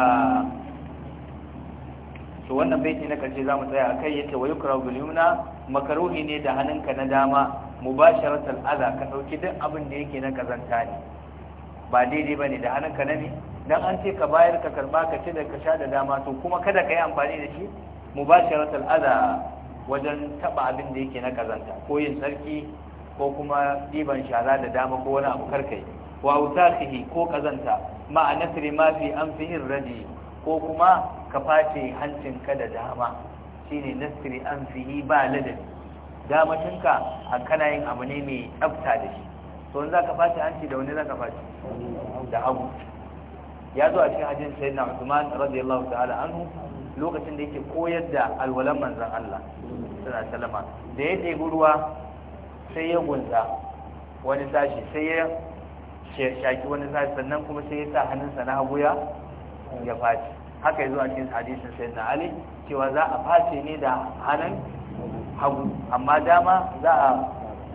to wannan baiti na karshe zamu tsaya akai yace wa yakra bil muna makaruhi ne da hannunka na dama mubasharat al ala ka dauki duk abin da yake na kazanta ne ba daidai bane da hannunka na ne dan an ce ka bayar ka karba ka ce da ka sha da dama to kuma kada ka yi amfani da shi mubasharatul adha wajen taba abin da yake na kazanta ko yin sarki ko kuma diban shara da dama ko wani abu karkai wa usahihi ko kazanta ma'ana nasri ma fi anfihi radi ko kuma ka face ka da dama shine nasri anfihi ba ladabi damatinka a kana yin abu ne mai tsafta da shi to in za ka face hanci da wani za ka face da abu ya zo a cikin hadisin na Uthman radiyallahu ta'ala anhu lokacin da yake koyar da alwalan manzon Allah sallallahu alaihi da ya ɗebi ruwa sai ya gunsa wani sashi sai ya shaki wani sashi sannan kuma sai ya sa hannunsa na hagu ya ya faci haka ya zo a cikin hadisin sayyidina Ali cewa za a face ne da hannun hagu amma dama za a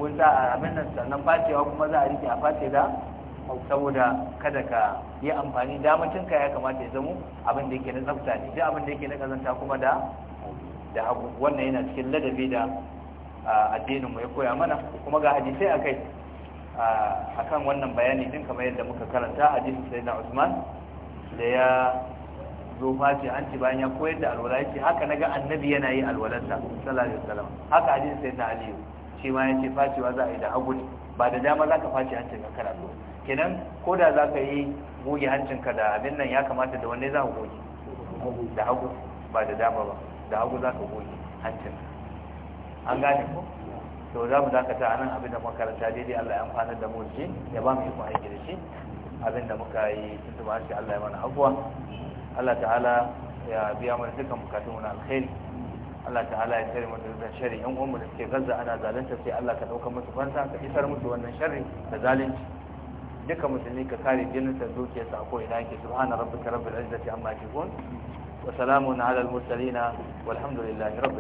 gunsa a abin nan sannan facewa kuma za a rike a face da saboda kada ka yi amfani damacinka ya kamata ya zamo abin da yake na tsafta ne duk abin da yake na kazanta kuma da da hagu wannan yana cikin ladabi da addininmu ya koya mana kuma ga hadisai akai akan wannan bayani din kamar yadda muka karanta sai sayyidina Usman da ya zo Fati an ci bayan ya koyar da alwala yace haka naga annabi yana yi sa sallallahu alaihi wasallam haka sai sayyidina Ali shi ma yace facewa za a yi da hagu ne ba da dama za ka face an ci ka karatu kenan ko da za ka yi goge hancinka da abin nan ya kamata da wanne za ka goge da hagu ba da dama ba da hagu za ka goge hancinka an gane ko to za mu dakata a nan abin da karanta daidai Allah ya amfana da mu shi ya ba mu yi aiki da shi abin da muka yi tuntuba shi Allah ya mana abuwa Allah ta'ala ya biya mana dukkan bukatun na alkhairi Allah ta'ala ya tsare mana da shari yan uwanmu da suke gaza ana zalunta sai Allah ka dauka musu fansa ka isar musu wannan sharri da zalunci duka musulmi ka kare jininsa dukiyarsa a ko'ina yake subhana rabbika rabbil izzati amma yasifun wa salamun ala al mursalin walhamdulillahi rabbil